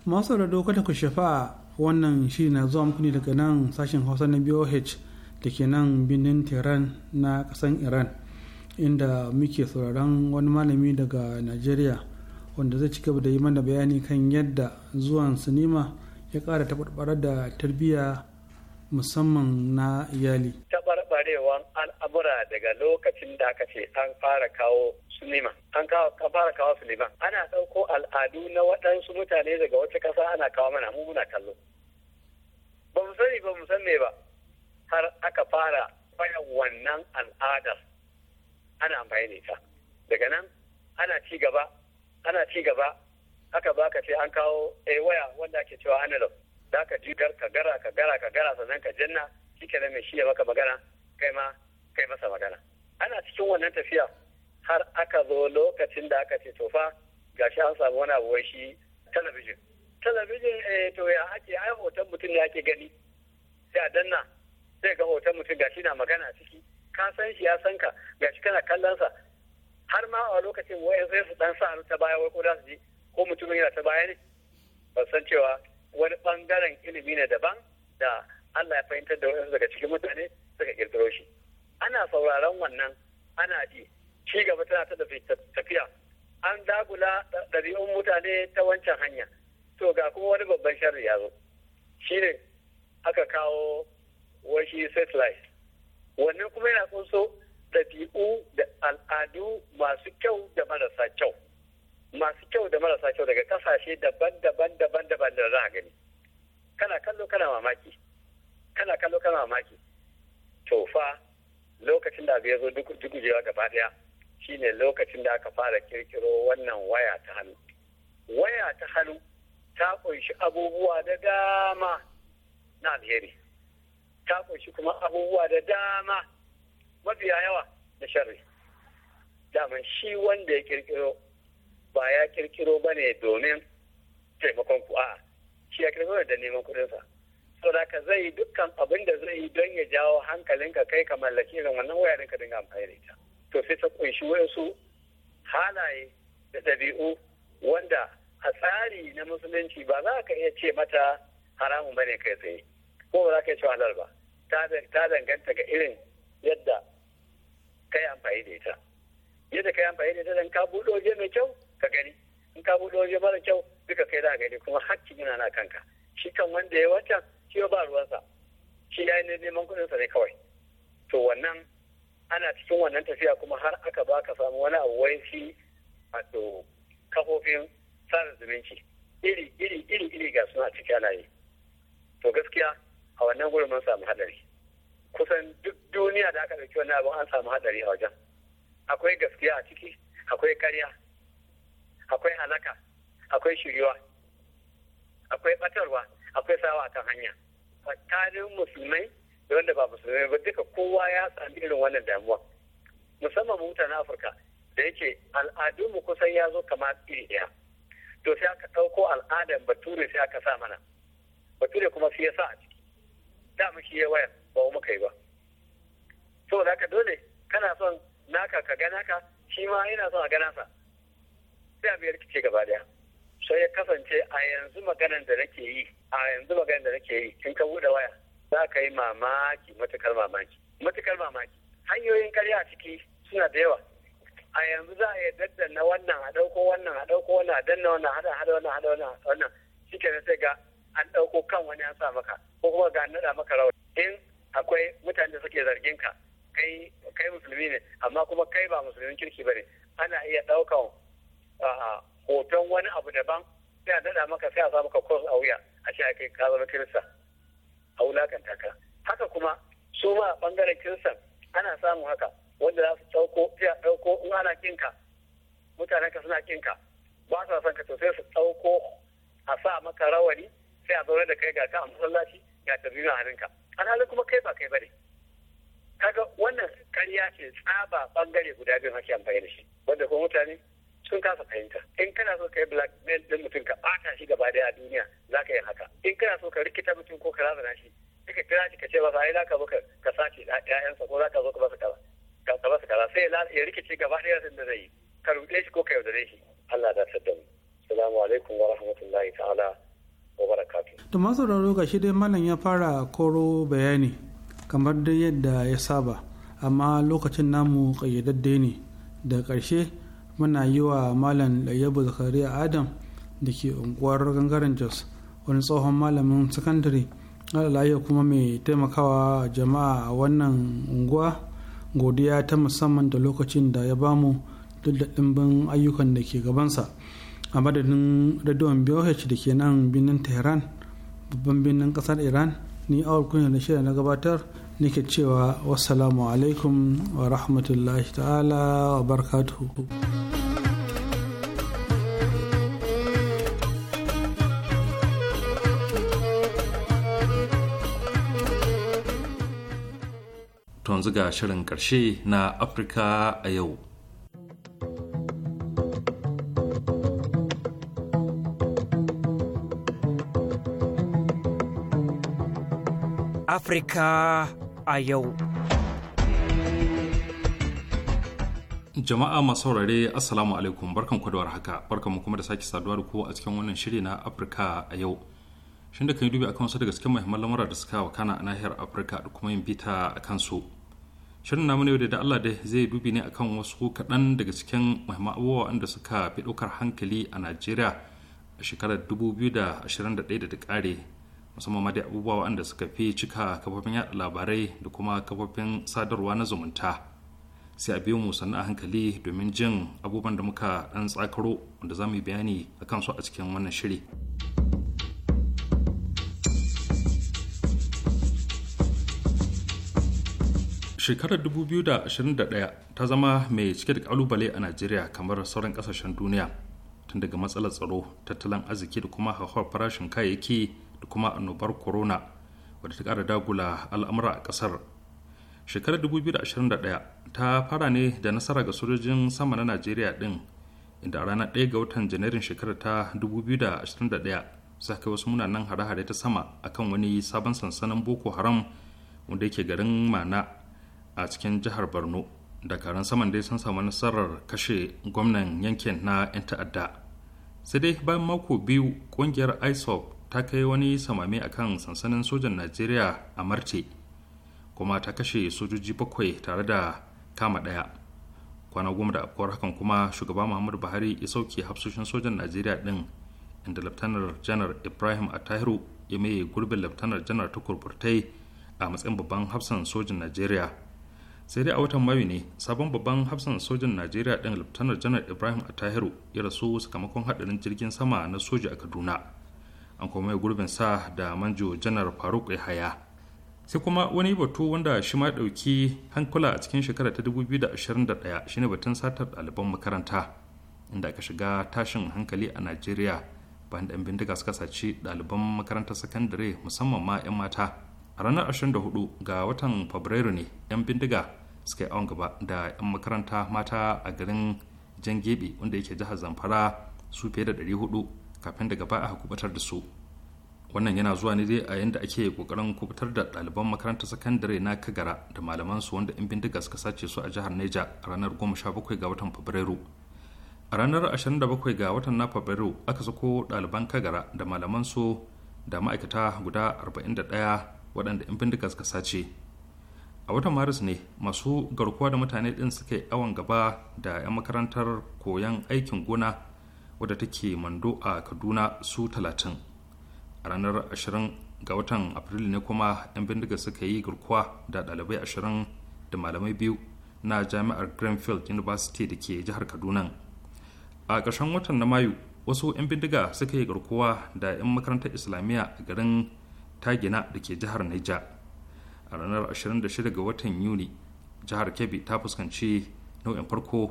masu rado kada ku shafa wannan shi na zuwa muku ne daga nan sashen hausa na boh da ke nan birnin tehran na kasan iran inda muke sauraron wani malami daga nigeria wanda zai ci gaba da yi mana bayani kan yadda zuwan sinima ya kara taɓarɓarar da tarbiyya musamman na iyali. Taɓarɓarewan al'amura daga lokacin da aka ce an fara kawo Suleiman an fara kawo Suleiman ana ɗauko al'adu na waɗansu mutane daga wata ƙasa ana kawo mana mu muna kallo ba mu sani ba mu san me ba har aka fara bayan wannan al'adar ana amfani da ita daga nan ana ci gaba ana ci gaba aka ba ka ce an kawo a eh, waya wanda ake cewa analog za ka ji ka gara ka gara ka gara sannan ka janna shi ke mai shi ya maka magana kai ma kai masa magana ana cikin wannan tafiya har aka zo lokacin da aka ce tofa gashi an samu wani abu shi talabijin talabijin eh to ya ake ai hoton mutum ne ake gani sai a danna sai ga hoton mutum gashi na magana ciki ka san shi ya san ka gashi kana kallon sa har ma a lokacin wai sai su dan sa ta baya wai ko za su ji ko mutumin yana ta baya ne ba san cewa wani bangaren ilimi ne daban da Allah ya fahimtar da wasu daga cikin mutane suka kirkiro shi ana sauraron wannan ana ji ci gaba tana ta tafiya an dagula ɗari'un mutane ta wancan hanya to ga kuma wani babban sharri ya zo shine aka kawo washi satellite wannan kuma yana kunso ɗabi'u da al'adu masu kyau da marasa kyau masu kyau da marasa kyau daga kasashe daban-daban daban-daban da za a gani kana kallo kana mamaki kana kallo kana mamaki to fa lokacin da abu ya zo duk gujewa gaba daya shine lokacin da aka fara kirkiro wannan waya ta hannu waya ta hannu ta kunshi abubuwa da dama na alheri ta kunshi kuma abubuwa da dama mafiya yawa da sharri daman shi wanda ya kirkiro ba ya kirkiro ba ne domin taimakon ku a shi ya kirkiro da neman kuɗinsa saboda ka zai dukkan abin da zai yi don ya jawo hankalinka kai ka mallaki irin wannan waya ka dinga amfani da ita to sai ta kunshi wayansu halaye da ɗabi'u wanda a tsari na musulunci ba za ka iya ce mata haramun bane kai tsaye ko ba za ka iya cewa halal ba ta danganta ga irin yadda ka yi amfani da ita yadda ka yi amfani da ita dan ka buɗe waje mai kyau ka gani in ka buɗe waje mara kyau duka kai za gani kuma hakkin yana na kanka shi kan wanda ya wata, shi ba ruwansa shi ya yi neman kuɗinsa ne kawai to wannan ana cikin wannan tafiya kuma har aka ba ka samu wani abu wai shi to kafofin sada zumunci iri iri iri iri ga suna cikin yi to gaskiya a wannan gurin mun samu hadari kusan duk duniya da aka ɗauki wani abu an samu hadari a wajen akwai gaskiya a ciki akwai karya akwai halaka akwai shiriwa akwai batarwa akwai sawa kan hanya tsakanin musulmai da wanda ba musulmai ba duka kowa ya sami irin wannan damuwa musamman mutanen afirka da yake al'adunmu kusan ya zo kama iri ɗaya to sai aka ɗauko al'adan bature sai aka sa mana bature kuma sai ya sa a ciki da mu shi ya waya ba mu kai ba da haka dole kana son naka ka gana ka, shi ma yana son a gana sa sai a biyar kice gaba daya sai ya kasance a yanzu maganan da nake yi a yanzu maganan da nake yi kin ka buɗe waya za ka yi mamaki matakar mamaki matakar mamaki hanyoyin karya a ciki suna da yawa a yanzu za a iya na wannan a ɗauko wannan a ɗauko wannan a danna wannan hada hada wannan hada wannan wannan shi ke sai ga an ɗauko kan wani an sa maka ko kuma ga naɗa maka rawa in akwai mutane da suke zargin ka kai kai musulmi ne amma kuma kai ba musulmin kirki ba ne ana iya ɗaukan ah, hoton wani abu daban sai a naɗa maka sai a sa maka kos a wuya a shi a kai ka zama kirista a wulakanta ka haka kuma su ma bangaren kirsan ana samu haka wanda za su ɗauko ya ɗauko in ana kinka mutanen ka suna kinka ba sa son ka to sai su ɗauko a sa maka rawani sai a zaune da kai ga ka a masallaci ga tabbina hannunka alhali kuma kai ba kai bane kaga wannan karya ce tsaba bangare guda biyu ake amfani da shi wanda kuma mutane sun kasa fahimta in kana so ka yi blackmail din mutum ka bata shi gaba daya a duniya za ka yi haka in kana so ka rikita mutum ko ka razana shi sai ka kira shi ka ce masa ai za ka zo ka sace ƴaƴansa ko za ka zo ka masa kaza ka masa kaza sai ya rikice gaba daya sun da zai yi ka rufe shi ko ka yaudare shi Allah da sadda mu assalamu alaikum wa rahmatullahi ta'ala wa barakatuh to masu sauraro ga shi dai malam ya fara koro bayani kamar dai yadda ya saba amma lokacin namu kayyadadde ne da ƙarshe muna yi wa malam zakari a adam da ke unguwar gangaren jos wani tsohon malamin sakandare alalaye kuma mai taimakawa jama'a a wannan unguwa godiya ta musamman da lokacin da ya bamu duk da ɗimbin ayyukan da ke gabansa a madadin radon boh da ke nan birnin tehran babban birnin ƙasar iran ni awar kunya na shirya na gabatar nake cewa wasalamu alaikum wa rahmatullahi ta'ala wa barakatuhu yanzu ga shirin ƙarshe na afirka a yau afirka a yau. Jama'a masu saurare Assalamu alaikum barkan kwadowar haka barkan mu kuma da sake saduwa da kowa a cikin wannan shiri na Afirka a yau. Shin da kan yi dubi akan wasu daga cikin muhimman lamura da suka wakana a nahiyar Afirka da kuma yin bita a kansu. Shirin namu na yau da Allah dai zai dubi ne akan wasu kaɗan daga cikin muhimman abubuwa wanda suka fi ɗaukar hankali a Najeriya a shekarar 2021 da ta ƙare musamman ma da abubuwa waɗanda suka fi cika kafofin yaɗa labarai da kuma kafofin sadarwa na zumunta sai a biyo mu sannu a hankali domin jin abubuwan da muka ɗan tsakaro wanda za mu yi bayani a su a cikin wannan shiri. shekarar 2021 ta zama mai cike da kalubale a najeriya kamar sauran kasashen duniya tun daga matsalar tsaro tattalin arziki da kuma hauhawar farashin kayayyaki da kuma annobar corona wadda ta kara dagula al'amura a kasar shekarar 2021 ta fara ne da nasara ga sojojin sama na najeriya din inda a ranar 1 ga watan janairun shekarar ta 2021 za kai wasu munanan hare-hare ta sama akan wani sabon sansanin boko haram wanda yake garin mana a cikin jihar borno da karan saman dai sun samu nasarar kashe gwamnan yankin na 'yan ta'adda sai dai bayan mako biyu kungiyar isop ta kai wani samame akan sansanin sojan najeriya a marce kuma ta kashe sojoji bakwai tare da kama ɗaya kwana goma da afkuwar hakan kuma shugaba muhammadu buhari ya sauke hafsoshin sojan najeriya ɗin inda laftanar janar ibrahim atahiru ya maye gurbin laftanar janar tukur burtai a matsayin babban hafsan sojan najeriya sai dai a watan mayu ne sabon babban hafsan sojan najeriya ɗin laftanar janar ibrahim atahiru ya rasu sakamakon haɗarin jirgin sama na soja a kaduna an kuma mai gurbin sa da manjo janar faruk haya sai kuma wani batu wanda shi ma dauki hankula a cikin shekara ta 2021 shine batun satar ɗaliban makaranta inda aka shiga tashin hankali a nigeria bayan da 'yan bindiga suka saci ɗaliban makarantar sakandare musamman ma 'yan mata a ranar 24 ga watan fabrairu ne 'yan bindiga suka yi awon gaba da 'yan makaranta mata a garin jangebe wanda yake jihar zamfara su fiye da 400 kafin daga ba a kubutar da su wannan yana zuwa ne dai a yadda ake kokarin kubutar da ɗaliban makarantar sakandare na kagara da malaman su wanda 'yan bindiga suka sace su a jihar neja a ranar 17 ga watan fabrairu a ranar 27 ga watan na fabrairu aka sako ɗaliban kagara da malaman su da ma'aikata guda 41 waɗanda 'yan bindiga suka sace a watan maris ne masu garkuwa da mutane ɗin suka yi awon gaba da 'yan makarantar koyon aikin gona wadda take mando a kaduna su talatin a ranar 20 ga watan afrilu ne kuma 'yan bindiga suka yi garkuwa da dalibai ashirin da malamai biyu na jami'ar greenfield university da ke jihar kaduna a ƙarshen watan na mayu wasu 'yan bindiga suka yi garkuwa da 'yan makarantar islamiyya a garin tagina da ke jihar naija a ranar 26 ga watan yuni jihar kebbi ta fuskanci nau'in farko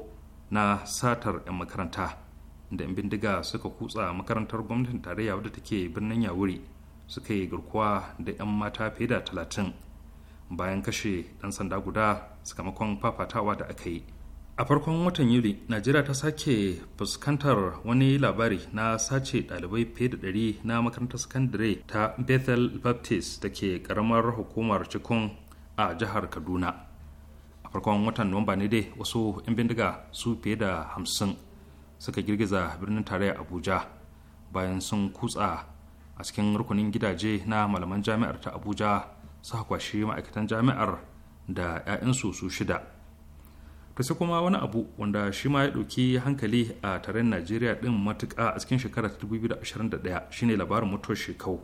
na satar 'yan makaranta da 'yan bindiga suka kutsa makarantar gwamnatin tarayya wadda take birnin yawuri suka yi garkuwa da 'yan mata fiye da talatin bayan kashe ɗan sanda guda sakamakon fafatawa da aka yi a farkon watan yuli najeriya ta sake fuskantar wani labari na sace dalibai fiye da ɗari na makarantar sakandare ta bethel baptist da ke karamar hukumar cikun a jihar kaduna a farkon watan nuwamba ne dai wasu 'yan bindiga su fiye da hamsin suka girgiza birnin tarayya abuja bayan sun kutsa a cikin rukunin gidaje na malaman jami'ar ta abuja su kwashi ma'aikatan jami'ar da 'ya'yansu su shida ta sai kuma wani abu wanda shi ma ya ɗauki hankali a tarayyar najeriya ɗin matuƙa a cikin shekarar 2021 shine labarin mutuwar shekau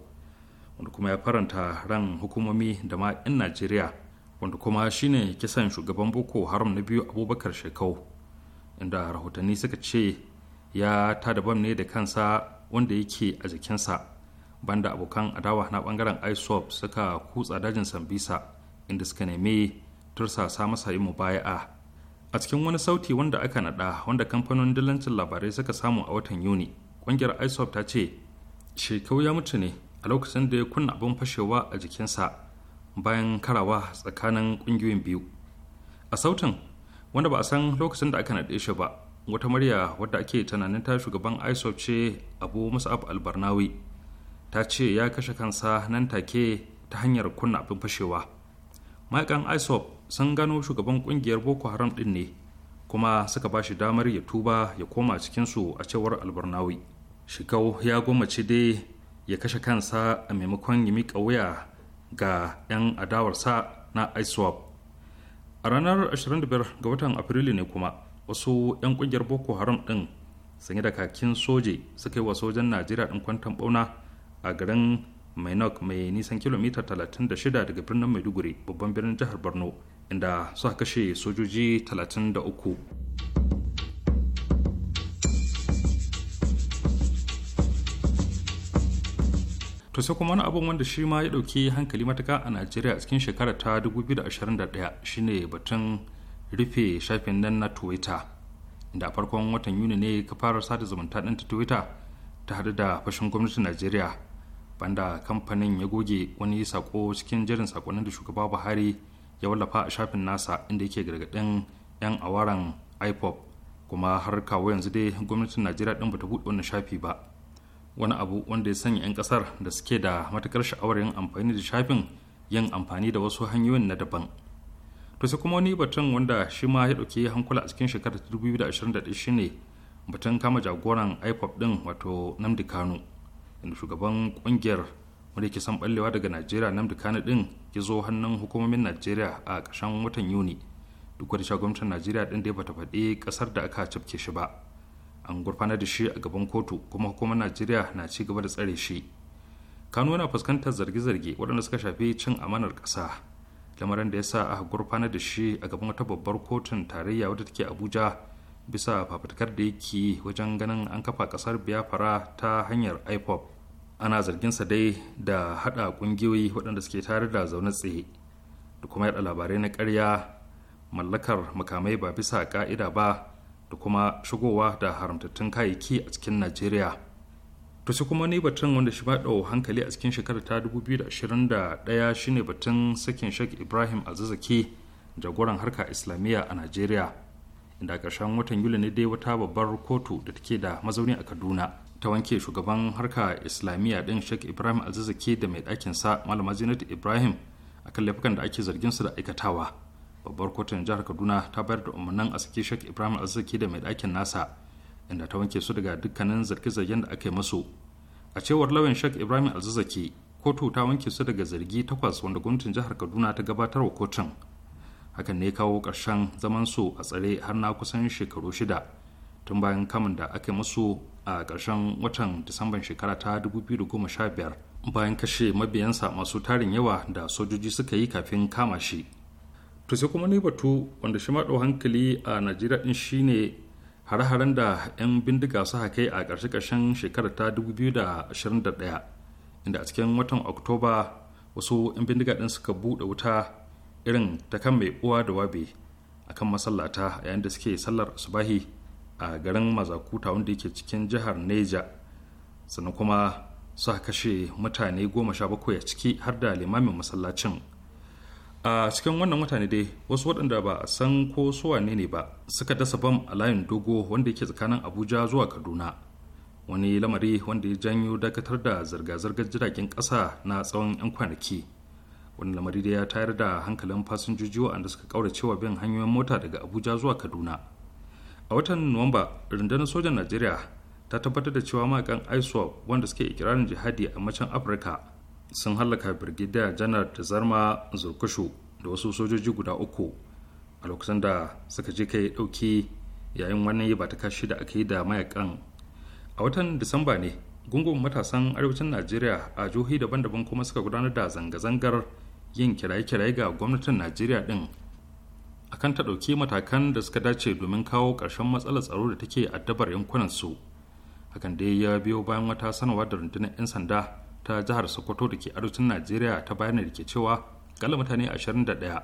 wanda kuma ya faranta ran hukumomi da ma 'yan najeriya wanda kuma shine kisan shugaban boko haram na biyu abubakar shekau inda rahotanni suka ce ya tada bam ne da kansa wanda yake a jikinsa banda abokan adawa na bangaren isop suka kutsa dajin sambisa inda suka nemi tursasa masa yi mubaya'a a cikin wani sauti wanda aka nada wanda kamfanonin dillancin labarai suka samu a watan yuni kungiyar isop ta ce shekau ya mutu ne a lokacin da ya kunna abin fashewa a jikinsa bayan karawa tsakanin kungiyoyin biyu a sautin wanda ba a san lokacin da aka naɗe shi ba wata murya wadda ake tunanin ta shugaban isop ce abu musab albarnawi ta ce ya kashe kansa nan take ta hanyar kunna abin fashewa ma'aikan isop sun gano shugaban kungiyar boko haram din ne kuma suka ba shi damar ya tuba ya koma cikinsu a cewar albarnawi shigau ya gwamace dai ya kashe kansa a maimakon ya miƙa wuya ga 'yan adawarsa na isop a ranar 25 ga watan afrilu ne kuma wasu 'yan kungiyar boko haram din sanye da kakin soje suka yi wa sojan najeriya din kwantan bauna a garin mainok mai nisan kilomita 36 daga birnin maiduguri babban birnin jihar borno inda suka kashe sojoji 33 to sai kuma wani abun wanda shi ma ya ɗauki hankali matuka a najeriya cikin shekara ta 2021 shine batun rufe shafin nan na twitter da farkon watan yuni ne fara sada zumunta ɗin ta twitter ta hadu da fashin gwamnatin najeriya banda kamfanin ya goge wani sako cikin jerin sakonnin da shugaba buhari ya wallafa a shafin nasa inda yake gargaɗin 'yan awaran ipop kuma har kawo yanzu dai gwamnatin najeriya ɗin bata buɗe wannan shafi ba wani abu wanda ya sanya 'yan kasar da suke da matukar sha'awar yin amfani da shafin yin amfani da wasu hanyoyin na daban to sai kuma wani batun wanda shi ma ya dauke hankula a cikin shekarar 2021 shine batun kama jagoran ipop din wato namdi kano inda shugaban kungiyar wanda ke son ballewa daga najeriya namdi kano din ya zo hannun hukumomin najeriya a ƙarshen watan yuni duk wani gwamnatin najeriya din da ya bata faɗi ƙasar da aka cafke shi ba an gurfanar da shi a gaban kotu kuma hukumar najeriya na ci gaba da tsare shi kano yana fuskantar zarge-zarge waɗanda suka shafi cin amanar ƙasa lamarin da ya sa aka gurfanar da shi a gaban wata babbar kotun tarayya wadda take abuja bisa fafutukar da yake wajen ganin an kafa ƙasar biafra ta hanyar ipop ana zarginsa dai da haɗa ƙungiyoyi waɗanda suke tare da zaune tsaye da kuma yaɗa labarai na ƙarya mallakar makamai ba bisa ƙa'ida ba da kuma shigowa da haramtattun kayayyaki a cikin najeriya to sai kuma ni batun wanda shi ba dau hankali a cikin shekarar ta 2021 shine batun sakin shek ibrahim azizaki jagoran harka islamiyya a najeriya inda karshen watan yuli ne dai wata babbar kotu da take da mazauni a kaduna ta wanke shugaban harka islamiyya ɗin shek ibrahim azizaki da mai sa malama zinat ibrahim akan laifukan da ake zargin su da aikatawa babbar kotun jihar kaduna ta bayar da umarnin a saki shek ibrahim arziki da mai ɗakin nasa inda ta wanke su daga dukkanin zarge-zargen da aka yi masu a cewar lauyan shek ibrahim alzazaki kotu ta wanke su daga zargi takwas wanda gwamnatin jihar kaduna ta gabatar wa kotun hakan ne kawo karshen zaman su a tsare har na kusan shekaru shida tun bayan kamun da aka yi musu a karshen watan disamban shekara ta 2015 bayan kashe mabiyansa masu tarin yawa da sojoji suka yi kafin kama shi to sai kuma ne batu wanda shi maɗau hankali a najeriya ɗin shine hare-haren da 'yan bindiga su kai a ƙarshe-ƙarshen shekarar ta 2021 inda a cikin watan oktoba wasu 'yan bindiga ɗin suka buɗe wuta irin ta kan mai uwa da wabe kan masallata yayin da suke sallar subahi a garin mazakuta wanda yake cikin jihar neja sannan kuma su kashe mutane goma sha bakwai a ciki har da limamin masallacin a cikin wannan mutane dai wasu waɗanda ba a san ko su wane ne ba suka dasa bam a layin dogo wanda yake tsakanin abuja zuwa kaduna wani lamari wanda ya janyo dakatar da zirga-zirgar jiragen ƙasa na tsawon 'yan kwanaki wani lamari da ya tayar da hankalin fasinjoji waɗanda suka kauracewa bin hanyoyin mota daga abuja zuwa kaduna a watan nuwamba rundunar sojan najeriya ta tabbatar da cewa makan isop wanda suke ikirarin jihadi a macen afirka sun hallaka birgidiyar janar da zarma zurkushu da wasu sojoji guda uku a lokacin da suka je kai dauki yayin wani ba ta kashi da aka yi da mayakan a watan disamba ne gungun matasan arewacin najeriya a jihohi daban-daban kuma suka gudanar da zanga-zangar yin kiraye-kiraye ga gwamnatin najeriya din akan ta ɗauki matakan da suka dace domin kawo ƙarshen matsalar tsaro da take addabar yankunan su hakan dai ya biyo bayan wata sanarwa da rundunar 'yan sanda ta jihar sokoto da ke arewacin najeriya ta bayanin da ke cewa gala mutane 21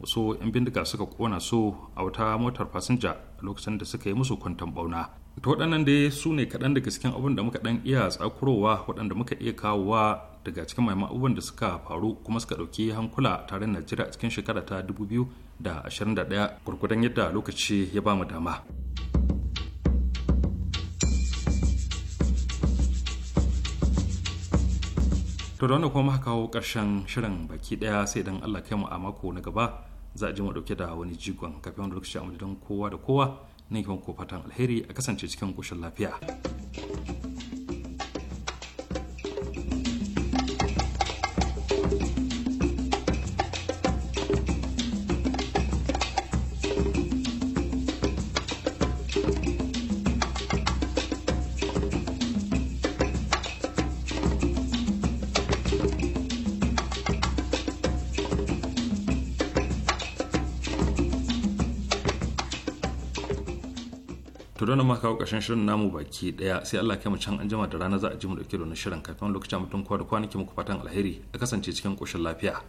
wasu 'yan bindiga suka kona su a wata motar fasinja a lokacin da suka yi musu kwanton bauna ta waɗannan dai su ne kaɗan daga cikin abin da muka ɗan iya tsakurowa waɗanda muka iya kawowa daga cikin maimakon abubuwan da suka faru kuma suka ɗauki hankula tare najeriya cikin shekara ta 2021 gurgudan yadda lokaci ya ba mu dama. to da wanda kuma muka kawo ƙarshen shirin baki ɗaya sai dan Allah kai mu a mako na gaba za a ji mu dauke da wani jigon kafin wani lokaci a madadin kowa da kowa ne kuma ko fatan alheri a kasance cikin koshin lafiya. nan maka kawo ƙarshen shirin namu baki daya sai Allah kai mu can an jima da rana za a ji mu dauke da wani shirin kafin lokacin mutum kwa da kwanaki muku fatan alheri a kasance cikin koshin lafiya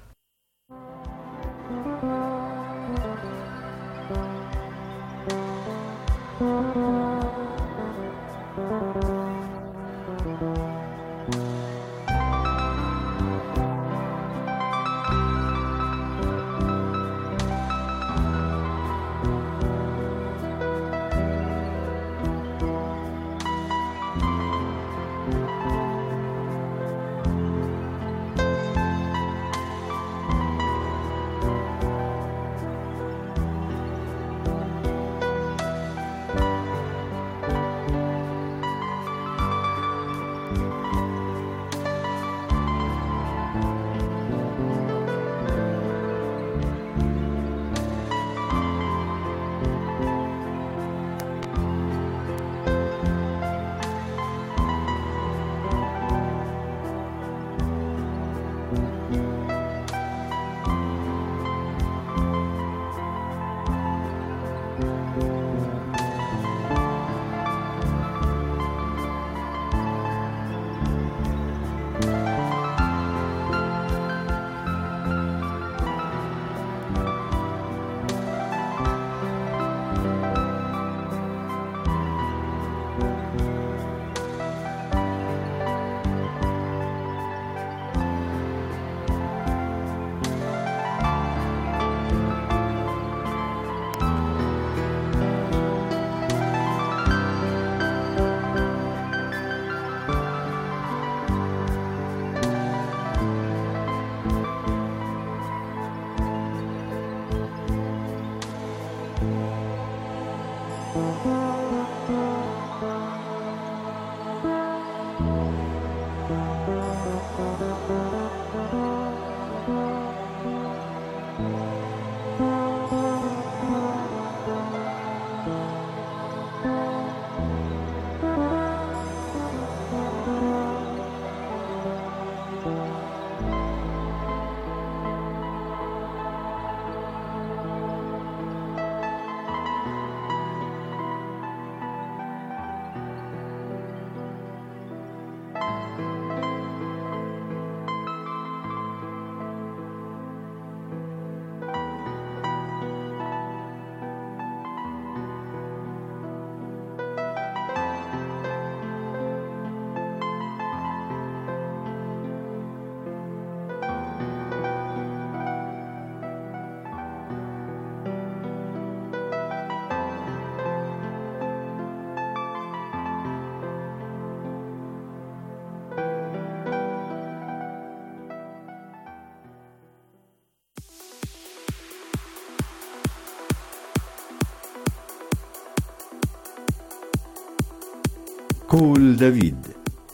كول دافيد